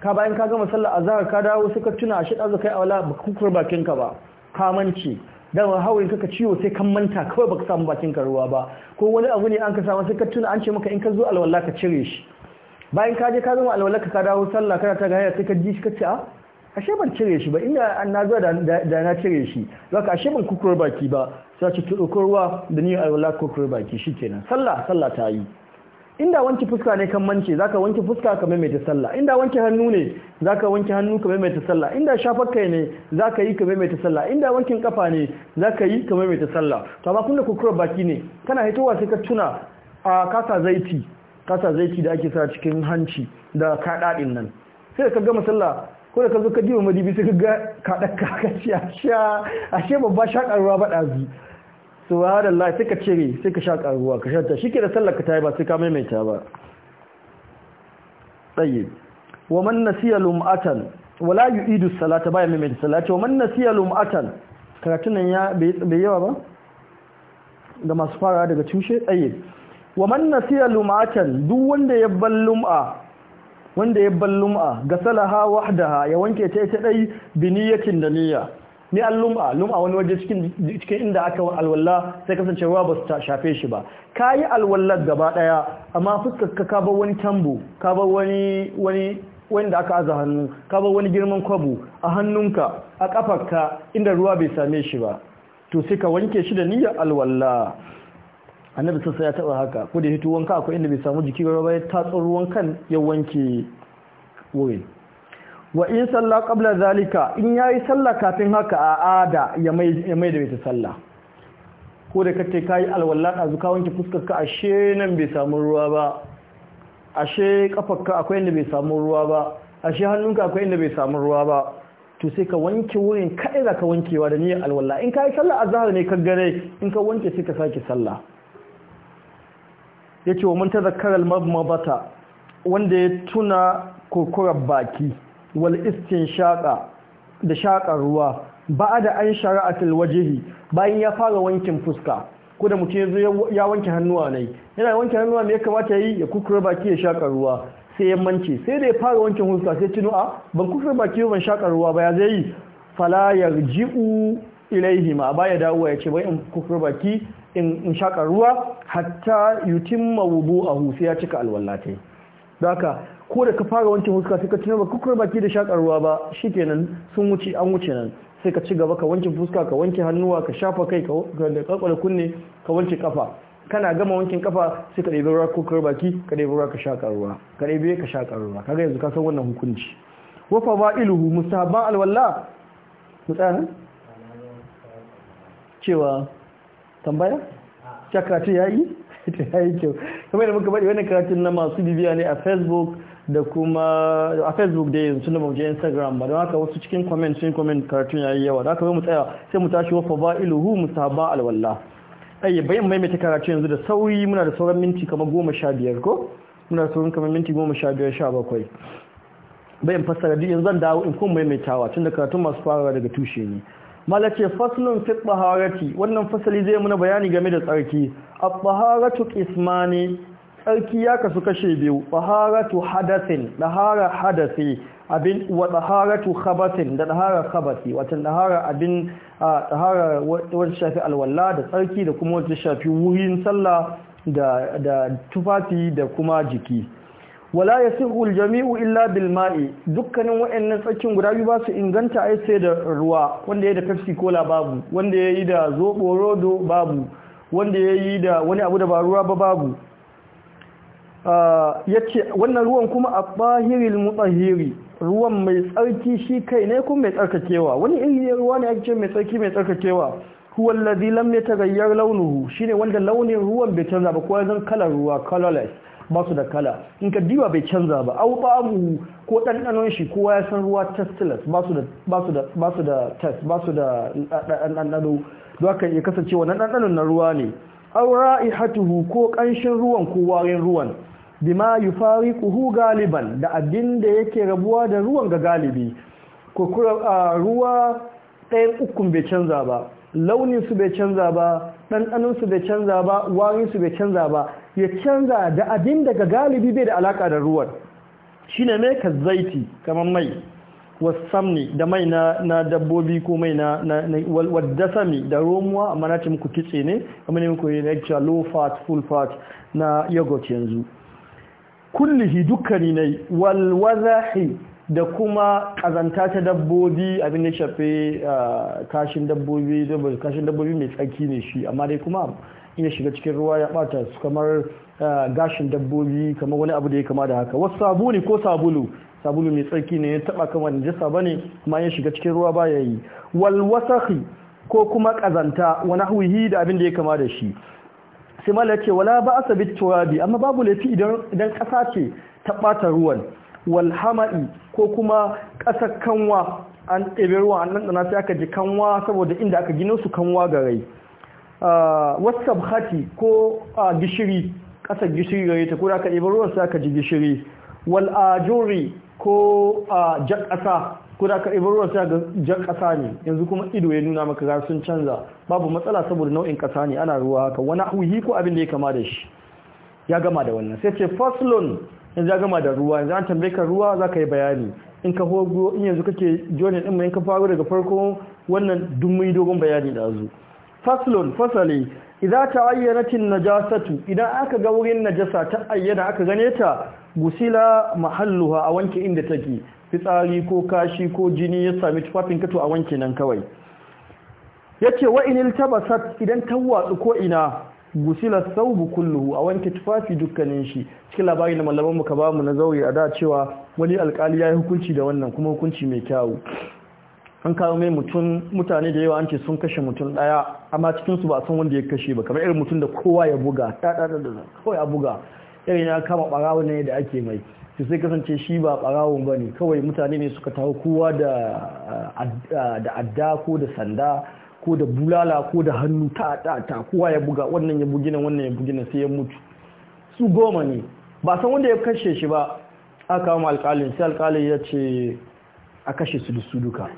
ka bayan ka gama salla a zara ka dawo suka tuna a shi ɗazu kai a wala bakin ka ba kamanci dama hawaye kaka ciwo sai kan manta kawai baka samu bakin ka ruwa ba ko wani abu ne an ka samu sai ka tuna an ce maka in ka zo alwala ka cire shi bayan ka je ka zama alwala ka dawo sallah kana ta gaya sai ka ji shi ka ce a ah, ashe ban cire shi ba inda an na zuwa da na cire shi za ka ashe ban kukur baki ba sai ci tuɗo ruwa da ni alwala kukur baki shi kenan sallah sallah ta yi inda wanke fuska ne kan mance zaka wanke fuska ka maimaita sallah inda wanke hannu ne zaka wanke hannu ka maimaita sallah inda shafar kai ne zaka yi ka maimaita sallah inda wankin kafa ne zaka yi ka maimaita sallah to amma kunda kukura baki ne kana hitowa sai ka tuna a kasa zaiti kasa zaiti da ake sa cikin hanci da kadadin nan sai ka gama sallah ko da ka zo ka diba madibi sai ka ga kadakka ka ce ashe babba ruwa ba dazi subhanallah sai suka cire suka ka karuwa ruwa ka shanta shike da sallar ka tayi ba sai ka maimaita ba tayyib wa man nasiya lum'atan wala yu'idu salata ba ya maimaita salata wa man nasiya lum'atan karatun nan ya bai yawa ba ga masu fara daga tushe tayyib wa man nasiya lum'atan duk wanda ya ban lum'a wanda ya ban lum'a ga salaha wahdaha ya wanke ta ita dai bi niyyatin da niyya ni an lum'a lum'a wani waje cikin inda aka alwalla sai kasance ruwa ba su shafe shi ba ka yi alwallar gaba daya amma fuskar ka kabar wani tambo kabar wani wani wanda aka aza hannu kabar wani girman kwabo a hannunka a kafarka inda ruwa bai same shi ba to sai ka wanke shi da niyyar alwalla annabi sai ya taba haka ko da hito wanka akwai inda bai samu jiki ba ya ruwan kan ya wanke wurin wa in salla qabla zalika in yayi sallah kafin haka a ada ya mai ya mai da sallah ko da kace kai alwala ka zuka wanke fuskar ka ashe nan bai samu ruwa ba ashe kafarka akwai inda bai samu ruwa ba ashe hannunka akwai inda bai samu ruwa ba to sai ka wanke wurin kai ka wankewa da niyyar alwala in kai sallah azhar ne ka gare in ka wanke sai ka sake sallah yace wa mun tazakkara al wanda ya tuna kurkurar baki wal shaƙa da shaƙar ruwa ba da an shara'atul wajihi bayan ya fara wankin fuska ko da mutum ya wanke hannuwa ne yana wanke hannuwa ne ya kamata yi ya kukura baki ya shaƙa ruwa sai ya mance sai da ya fara wankin fuska sai tunu a ah, ban kukura baki ban shaƙa ruwa ba ya zai yi fala ji'u ilaihi ma ya dawo ya ce bai in kukura baki in shaƙa ruwa hatta yutimma wudu'ahu sai ya cika alwallatai daka ko da ka fara wancan fuska sai ka ci gaba kukur baki da shakar ruwa ba shikenan sun wuce an wuce nan sai ka ci gaba ka wanke fuska ka wanke hannuwa ka shafa kai ka da kwakwale kunne ka wanke kafa kana gama wankin kafa sai ka ɗebi ruwa kukur baki ka ɗebi ruwa ka shakar ruwa ka ɗebi ka shakar ruwa kaga yanzu ka san wannan hukunci wa fadailuhu mustahabban alwalla mutsayan cewa tambaya shakra ta yayi ta yayi kyau kuma da muka bari wani karatun na masu bibiya ne a facebook da kuma a facebook da yanzu na bamje instagram ba don haka wasu cikin comment sun comment karatun yayi yawa da haka bai mu tsaya sai mu tashi ba iluhu mu saba alwallah ai bayan mai mai karatu yanzu da sauri muna da sauran minti kamar goma sha biyar ko muna da sauran kamar minti goma sha biyar sha bakwai bayan fassara duk yanzu zan dawo in kuma tawa tun da karatun masu fara daga tushe ne mala ce faslun fi taharati wannan fasali zai muna bayani game da tsarki at-taharatu ismani tsarki ya kasu kashe biyu taharatu hadathin tahara hadasi abin wa taharatu khabathin da tahara khabasi wato tahara abin tahara wanda shafi alwala da tsarki da kuma wanda shafi wurin sallah da da tufafi da kuma jiki wala yasihu aljami'u illa bilma'i dukkanin wayannan tsakin guda biyu ba su inganta ai sai da ruwa wanda yayi da Pepsi Cola babu wanda yayi da Zobo Rodo babu wanda yayi da wani abu da ba ruwa ba babu ah, yace wannan ruwan kuma abahiril mutahhiri ruwan mai tsarki shi kai ne kuma mai tsarkakewa wani iri ne ruwa ne ake ce mai tsarki mai tsarkakewa huwallazi lam yataghayyar launuhu shine wanda launin ruwan bai canza ba ko zan kalar ruwa colorless ba su da kala in ka diba bai canza ba au babu ko ɗanɗanon shi kowa ya san ruwa testless ba su da ba su da test ba su da ɗanɗano don haka ya kasance wa ɗanɗanon na ruwa ne au ra'ihatuhu ko ƙanshin ruwan ko warin ruwan bima yufariquhu galiban da abin da yake rabuwa da ruwan ga galibi ko ruwa ɗayan ukun bai canza ba launin su bai canza ba ɗanɗaninsu bai canza ba warinsu bai canza ba ya canza da abin daga galibi bai da alaƙa da ruwan shi ne mai ka zaiti kamar mai wasamni da mai na dabbobi ko mai na wadda sami da romuwa amma na ce muku kitse ne amma ne muku yi na cewa low fat full fat na yogurt yanzu kullihi dukkani ne walwazahi da kuma ƙazanta ta dabbobi abin da shafe ah, kashin dabbobi kashin dabbobi mai tsaki ne shi amma dai kuma iya shiga cikin ruwa ya bata su kamar ah, gashin dabbobi kamar wani abu da ya kama da haka wasu sabuni ko sabulu sabulu mai tsaki ne ya taba kamar najasa bane kuma ya shiga cikin ruwa ba ya yi Walwasahi ko kuma kazanta wa huhi da abin da ya kama da shi sai mala ce wala ba asabit turabi amma babu laifi idan idan kasa ce ta bata ruwan walhama'i ko kuma ƙasar kanwa an ɗebe ruwa an ɗanɗana sai aka ji kanwa saboda inda aka gina su kanwa ga rai ah, wasab hati ko ah, gishiri ƙasar gishiri ga ta ko da aka ɗebe ruwan sai aka ji gishiri wal'ajuri ko ah, jan ƙasa ko da aka ɗebe ruwan sai aka jan ƙasa ne yanzu kuma ido ya nuna maka gara sun canza babu matsala saboda nau'in ƙasa ne ana ruwa haka wani ko abin da ya kama da shi ya gama da wannan sai ce faslon in za gama da ruwa yanzu an tambaye ka ruwa za ka yi bayani in ka hogo in yanzu kake jonin din mai ka faru daga farko wannan dummi dogon bayani da azu faslon fasali idan ta ayyanatin najasatu idan aka ga wurin najasa ta ayyana aka gane ta gusila mahalluha a wanke inda take fitsari ko kashi ko jini ya sami tufafin kato a wanke nan kawai yace wa in idan ta watsu ko ina gusila saubu kulluhu a wanke tufafi dukkanin shi cikin labarin da malaman muka mu na zauri a da cewa wani alkali ya yi hukunci da wannan kuma hukunci mai kyawu an kawo mai mutum mutane da yawa an ce sun kashe mutum daya amma cikin su ba san wanda ya kashe ba kamar irin mutum da kowa ya buga da da da kawai a buga irin ya kama barawo ne da ake mai su sai kasance shi ba barawon bane kawai mutane ne suka taho kowa da da adda ko da sanda ko da bulala ko da hannu ta ta ta kowa ya buga wannan ya bugi nan wannan ya bugi nan sai ya mutu su goma ne ba san wanda ya kashe shi ba aka kawo alƙalin sai alƙalin ya ce a kashe su da su duka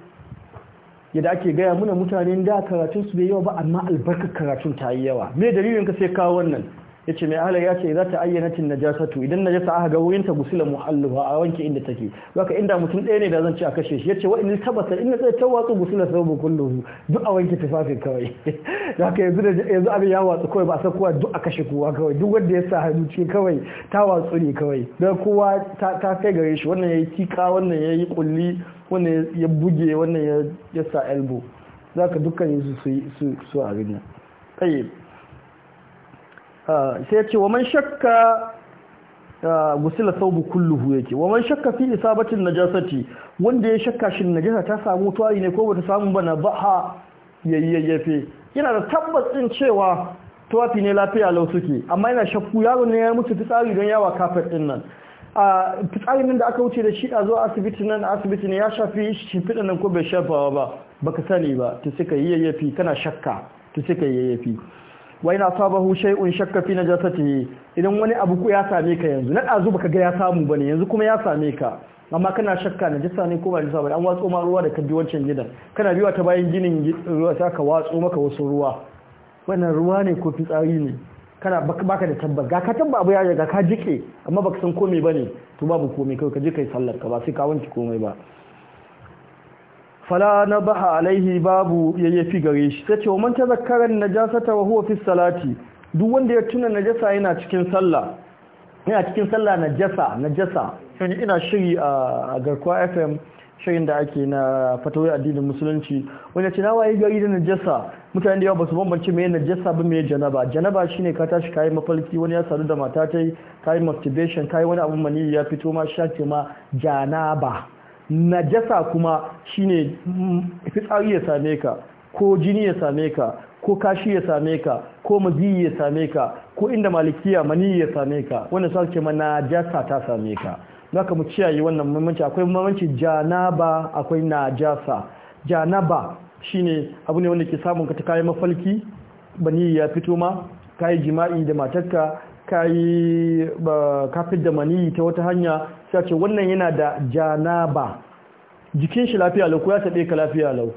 yadda ake gaya muna mutane da karatun su bai yawa ba amma albarkar karatun ta yi yawa me dalilin ka sai kawo wannan yace mai ya yace za ta ayyanatin najasatu idan na jasa aka ga wuyin ta gusila muhalluha a wanke inda take zaka inda mutum ɗaya ne da zan ci a kashe shi yace wa in tabata in zai tawatsu gusila sabu kullu duk a wanke tufafin kawai zaka yanzu da yanzu abin ya watsu kawai ba a san kowa duk a kashe kowa kawai duk wanda ya sa hannu ce kawai ta watsu ne kawai don kowa ta kai gare shi wannan yayi tika wannan yayi kulli wannan ya buge wannan ya sa elbow zaka dukkan su su su a rinya tayyib sai ce wa man shakka gusila saubu kulluhu yake wa man shakka fi isabatin najasati wanda ya shakka shin najasa ta samu tuwari ne ko bata samu ba na baha yana da tabbas din cewa tuwafi ne lafiya lau suke amma yana shakku yaro ne ya mutu fitsari don yawa kafet din nan a fitsari nan da aka wuce da shi a zuwa asibiti nan asibiti ne ya shafi shimfiɗa nan ko bai shafawa ba baka sani ba ta suka yayyafi kana shakka ta suka yayyafi wa ina asabahu shay'un shakka fi najasatihi idan wani abu ku ya same ka yanzu na dazu baka ga ya samu bane yanzu kuma ya same ka amma kana shakka najasa ne ko ba najasa bane an watso ma ruwa da kaddi wancan gidan kana biwa ta bayan ginin ruwa sai ka watso maka wasu ruwa wannan ruwa ne ko fitsari ne kana baka da tabbas ga ka tabba abu ya riga ka jike amma baka san komai bane to babu komai kai ka je kai sallar ka ba sai ka wanke komai ba fala na baha alaihi babu fi gare shi ce wa na jasa najasata wa huwa fi salati duk wanda ya tuna najasa yana cikin sallah yana cikin sallah najasa najasa shi ina shiri a garkuwa FM shirin da ake na fatawai addinin musulunci wanda ce na yi gari da najasa mutane da yawa ba su bambance mai najasa ba mai janaba janaba shine ka tashi kayi mafalki wani ya sadu da mata yi kayi masturbation kayi wani abu mani ya fito ma shaki ma janaba najasa kuma shine fitsari ya same ka ko jini ya same ka ko kashi ya same ka ko maziyi ya same ka ko inda malikiya mani ya same ka wanda sa ce mana najasa ta same ka zaka mu ciyayi wannan mamanci akwai mamanci janaba akwai najasa janaba shine abu ne wanda ke samun ka kayan mafalki bani ya fito ma kayi jima'i da matarka kayi ba kafin da mani ta wata hanya sai ce wannan yana da janaba jikin shi lafiya lau ko ya taɓe ka lafiya lau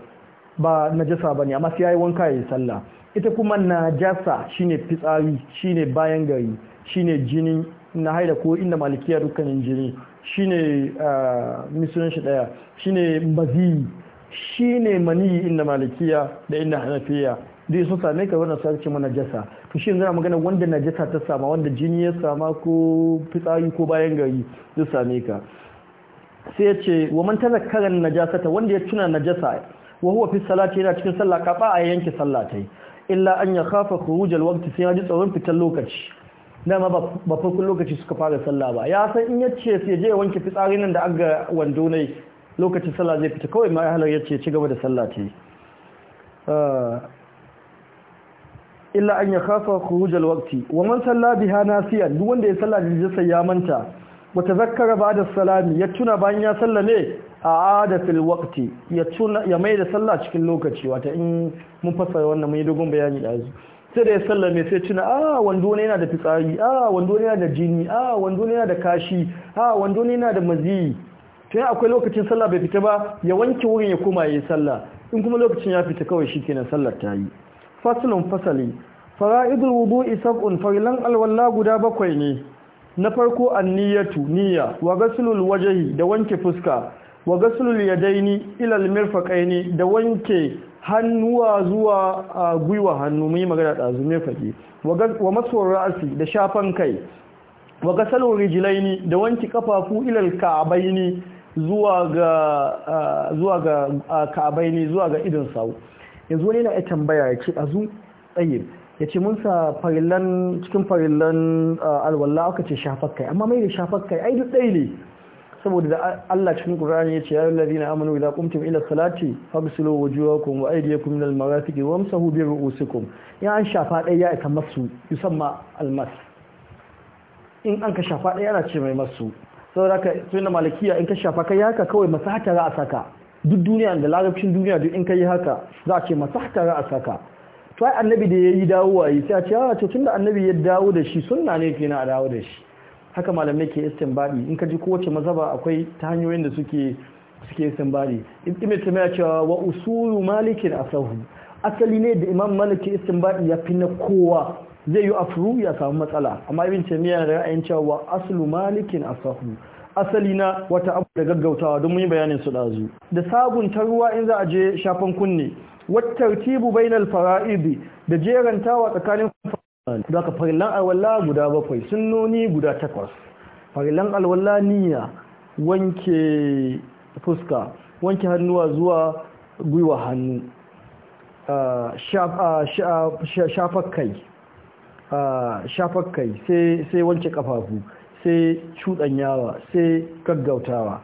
ba najasa ba ne amma sai ya yi wanka ya yi sallah ita kuma najasa shine fitsari ne bayan gari shi ne jini na haida ko inda malikiya dukkanin jini ah, shi ne misunan shi daya shine mazi ne mani inda malikiya da inda hanafiya duk sun same ka wannan sarki mana jasa to shi yanzu magana wanda najasa ta sama wanda jini ya sama ko fitsari ko bayan gari duk same ka sai ya ce wa man tazakkara najasata wanda ya tuna najasa wa huwa fi salati yana cikin sallah ba a yanke sallatai illa an ya khafa khuruj waqt sai ya ji tsoron fitar lokaci na ma ba farkon lokaci suka fara sallah ba ya san in yace sai je ya wanke fitsari nan da ga wando ne lokacin sallah zai fita kawai ma halar yace ci gaba da sallah ta illa an ya khuruj al-waqti wa man salla biha nasiyan duk wanda ya salla da sai ya manta wa tazakkara ba'da salami ya tuna bayan ya sallame a'ada fil waqti ya tuna ya mai da sallah cikin lokaci wata in mun fassara wannan mun yi dogon bayani da azu sai da ya mai sai tuna a ah, wando ne yana da fitsari a ah, wando ne yana da jini a ah, wando ne yana da kashi a wando ne yana da maziyi to ya akwai lokacin sallah bai fita ba ya wanke wurin ya koma yayi sallah in kuma lokacin ya fita kawai shikenan sallar ta yi faslun fasali fara'idul wudu'i sab'un farilan alwala guda bakwai ne na farko anniyatu niyya wa ghaslul wajhi da wanke fuska wa ghaslul yadaini ila almirfaqaini da wanke hannuwa zuwa gwiwa hannu mai magana da azume fage wa masuwar ra'asi da shafan kai wa ghaslul rijlaini da wanke kafafu ila alka'baini zuwa ga zuwa ga ka'baini zuwa ga idin sawu yanzu wani na ya tambaya ya ce a zu tsayin ya ce mun sa farillan cikin farillan alwalla aka ce shafakai. amma mai da shafakai? ai duk ɗaya ne saboda da Allah cikin ƙur'ani ya ce ya allazina amina idza qumtum ila salati juwa kun wa aydiyakum ila almarafiqi wamsahu bi ru'usikum ya an shafa ɗaya ya ita masu yusamma almas in an ka shafa ɗaya ana ce mai masu saboda ka tunda malakiya in ka shafa kai ka kawai masu za a saka duk duniya da larabcin duniya duk in ka yi haka za ce ce masahtara a saka to ai annabi da ya yi dawowa yi sai a ce a ah, tunda annabi ya dawo da shi sunna ne kenan a dawo da shi haka malamai ke istinbadi in ka ji kowace mazaba akwai ta hanyoyin da suke suke istinbadi In taymiya cewa wa usulu malikin asahu asali ne da imam maliki istinbadi ya fi na kowa zai yi afru ya samu matsala amma ibnu taymiya da ra'ayin cewa aslu malikin asahu asali na wata abu da gaggautawa don muni bayanin su dazu da sabunta ruwa in za a je shafan kunne wattartibu bainal fara'idi da jerantawa tsakanin da ka farillan alwala guda bakwai sunnoni guda takwas farillan alwala niyya wanke fuska wanke hannuwa zuwa gwiwa hannu shafa kai sai wanke kafafu sai cuɗanyawa sai gaggautawa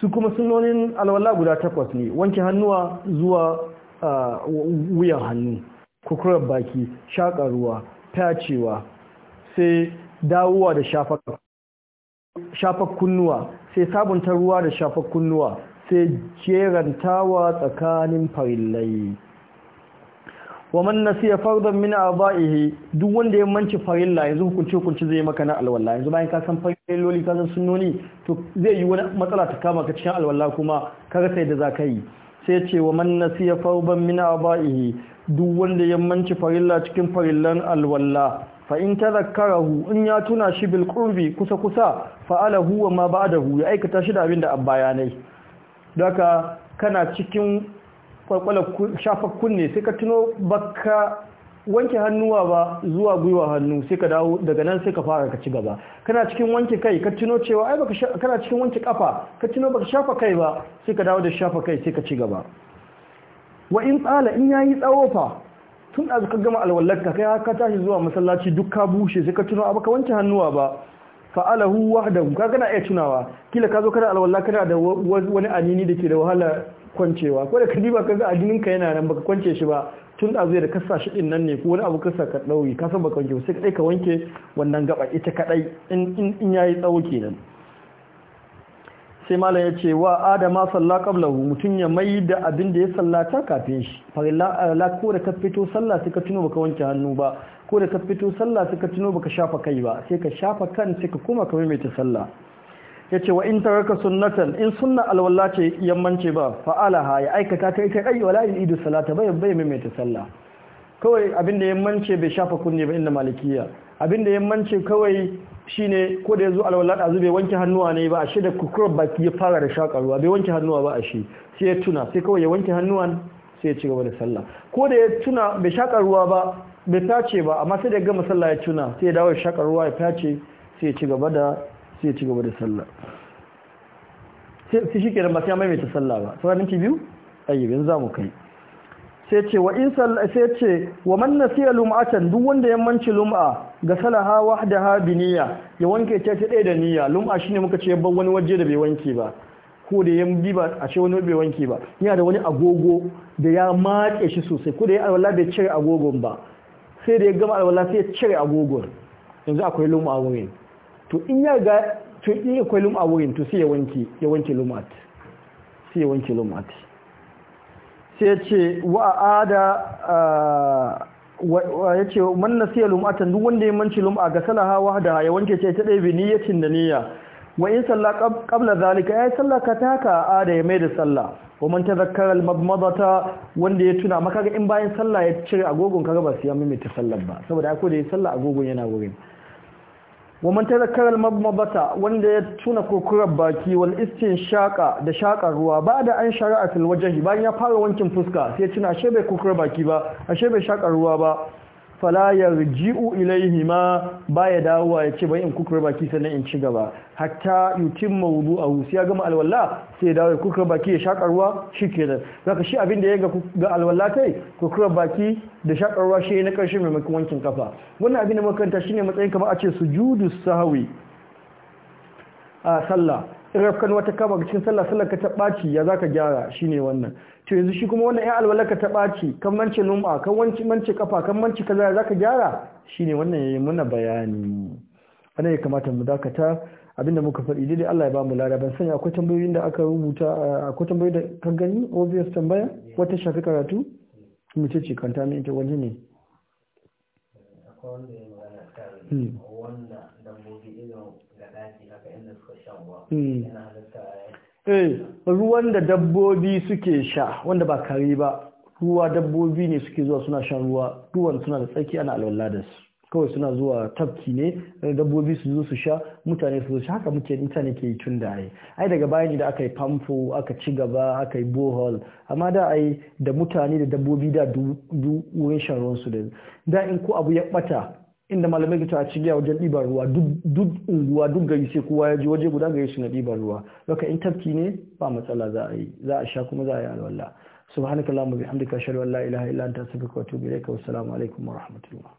su kuma sunonin alwala guda takwas ne wanke hannuwa zuwa wuyan hannu kukurar baki shaƙa tacewa sai dawowa da shafar kunnuwa sai sabunta ruwa da shafar kunnuwa sai jerantawa tsakanin farillai wa man nasiya fardan min a'dahi duk wanda ya manci farilla yanzu hukunci hukunci zai maka na alwala yanzu bayan ka san farilloli ka san sunnoni to zai yi wani matsala ta kama ka cikin alwala kuma ka rasa yadda za ka yi sai ce wa man nasiya fardan min a'dahi duk wanda ya manci farilla cikin farillan alwala fa in tazakkarahu in ya tuna shi bil qurbi kusa kusa fa alahu wa ma ba'dahu ya aikata shi da abin da abba ya nai daka kana cikin kwalkwala shafa kunne sai ka tuno baka wanke hannuwa ba zuwa gwiwa hannu sai ka dawo daga nan sai ka fara ka ci gaba kana cikin wanke kai ka tuno cewa ai baka kana cikin wanke kafa ka tuno baka shafa kai ba sai ka dawo da shafa kai sai ka ci gaba wa in tsala in yayi tsawo fa tun da ka gama alwallarka kai ka tashi zuwa masallaci duk ka bushe sai ka tuno ba ka wanke hannuwa ba fa'alahu wahdahu ka kana iya tunawa kila ka zo kana alwala kana da wani anini da ke da wahala kwancewa ko da ba ka ga ajinin ka yana nan baka kwance shi ba tun da zai da kasa shi din nan ne ko wani abu kasa ka dauki ka san baka wanke sai kaɗai ka wanke wannan gaba ita kaɗai in in yayi tsawo kenan sai malam ya ce wa adama salla qablahu mutum ya mai da abin da ya sallata kafin shi farilla la ko da ka fito sallah sai ka tuno baka wanke hannu ba ko da ka fito sallah sai ka tuno baka shafa kai ba sai ka shafa kan sai ka kuma ka mai ta sallah ce wa in taraka sunnatan in sunna alwala ce yammance ba fa'alaha ya aikata ta ita kai wala in idu salata bai bai mai ta sallah kawai abin da yammance bai shafa kunne ba inda malikiya abinda yammanci kawai shine ko da yazo alwala azu bai wanke hannuwa ne ba ashe da kukurar baki ya fara da shakarwa ruwa bai wanke hannuwa ba ashe sai ya tuna sai kawai ya wanke hannuwan sai ya ci gaba da sallah ko da ya tuna bai shakarwa ruwa ba bai tace ba amma sai da gama sallah ya tuna sai ya dawo ya shakarwa ruwa ya tace sai ya ci gaba da sai ya ci gaba da sallah sai shi kenan ba sai ya maimaita sallah ba sauran minti biyu ayyubin za mu kai sai ce wa in sai ce wa man nasiya lum'atan duk wanda ya manci lum'a ga salaha wahdaha bi niyya ya wanke ta ta da niyya lum'a shine muka ce babban wani waje da bai wanke ba ko da ya bi ba a ce wani bai wanke ba yana da wani agogo da ya matse shi sosai ko da ya alwala bai cire agogon ba sai da ya gama alwala sai ya cire agogon yanzu akwai lum'a wurin to in ya ga to in akwai lum'a wurin to sai ya wanke ya wanke lum'at sai ya wanke lum'at sai ce ada wa ce man nasiya lum'atan duk wanda ya manci lum'a ga salaha da ya wanke ce ta dai bi niyyatin da niyya wa in salla qabla zalika ya salla ka taka ada ya mai da salla wa man tazakkara al-mabmadata wanda ya tuna maka ga in bayan salla ya cire agogon kaga ba su ya ta sallar ba saboda ya ko da ya salla agogon yana wurin wa man tazakkara al-mabmabata wanda ya tuna kokurar baki wal shaƙa da shaqar ruwa ba da an shara'atul wajhi bayan ya fara wankin fuska sai tuna ashe bai kokurar baki ba ashe bai shaqar ruwa ba fala yarji'u ilaihi ma baya dawowa ya ce bai in kukura baki sannan in ci gaba hatta yutim a sai ya gama alwala sai ya dawo ya kukura baki ya shakar ruwa shikenan zaka shi abin da ya ga ga alwala kai baki da shakar ruwa shi na karshe mai makin wankin kafa wannan abin da makanta shine matsayin kamar a ce sujudu sahwi a sallah in rafkan wata kama cikin sallah sallar ka ta ɓaci ya zaka gyara shine wannan to yanzu shi kuma wannan ya alwala ka ta kan mance num'a kan wanci mance kafa kan mance kaza ya zaka gyara shine wannan yayi muna bayani ana ya kamata mu dakata abinda muka faɗi dai dai Allah ya ba mu lada ban sanya akwai tambayoyin da aka rubuta akwai tambayoyi da ka gani obvious tambaya wata shafi karatu mu ce ce kanta ne ita wani ne akwai wanda ya magana Hmm. Eh, ruwan da dabbobi suke sha wanda ba kare ba ruwa dabbobi ne suke zuwa suna shan ruwa ruwan suna da tsaki ana alwala da su kawai suna zuwa tafki ne eh, dabbobi su zo su sha mutane su zo shi haka muke mutane ke yi tun da ai ai daga baya da aka yi famfo aka ci gaba aka yi bohol amma da ai da mutane da dabbobi da wurin shan ruwan su da da in ko abu ya bata inda malamai ke ci cigiya wajen ɗiban ruwa duk unguwa duk gari sai kowa ya ji waje guda gari shi na ɗiban ruwa doka in tafki ne ba matsala za a yi za a sha kuma za a yi alwala subhanakallahumma bihamdika ashhadu an la ilaha illa anta astaghfiruka wa atubu ilayka wa assalamu alaikum wa rahmatullah